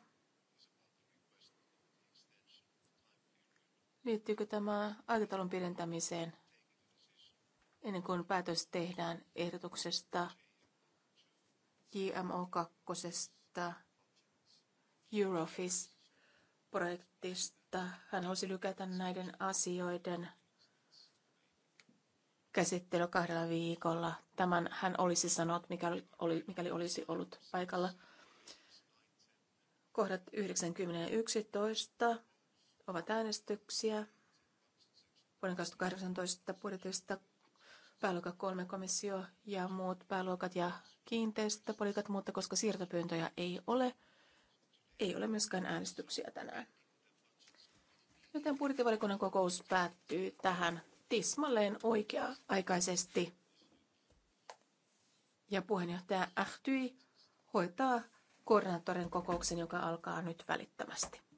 Liittyykö tämä aikataulun pidentämiseen ennen kuin päätös tehdään ehdotuksesta JMO 2? Eurofis-projektista. Hän halusi lykätä näiden asioiden käsittely kahdella viikolla. Tämän hän olisi sanonut, mikäli, oli, mikäli olisi ollut paikalla. Kohdat 11 ovat äänestyksiä. Vuoden 2018 budjetista pääluokka 3 komissio ja muut pääluokat ja kiinteistöpolitiikat, mutta koska siirtopyyntöjä ei ole, ei ole myöskään äänestyksiä tänään. Joten budjettivalikunnan kokous päättyy tähän tismalleen oikea-aikaisesti. Ja puheenjohtaja Ähtyi hoitaa koordinaattorin kokouksen, joka alkaa nyt välittömästi.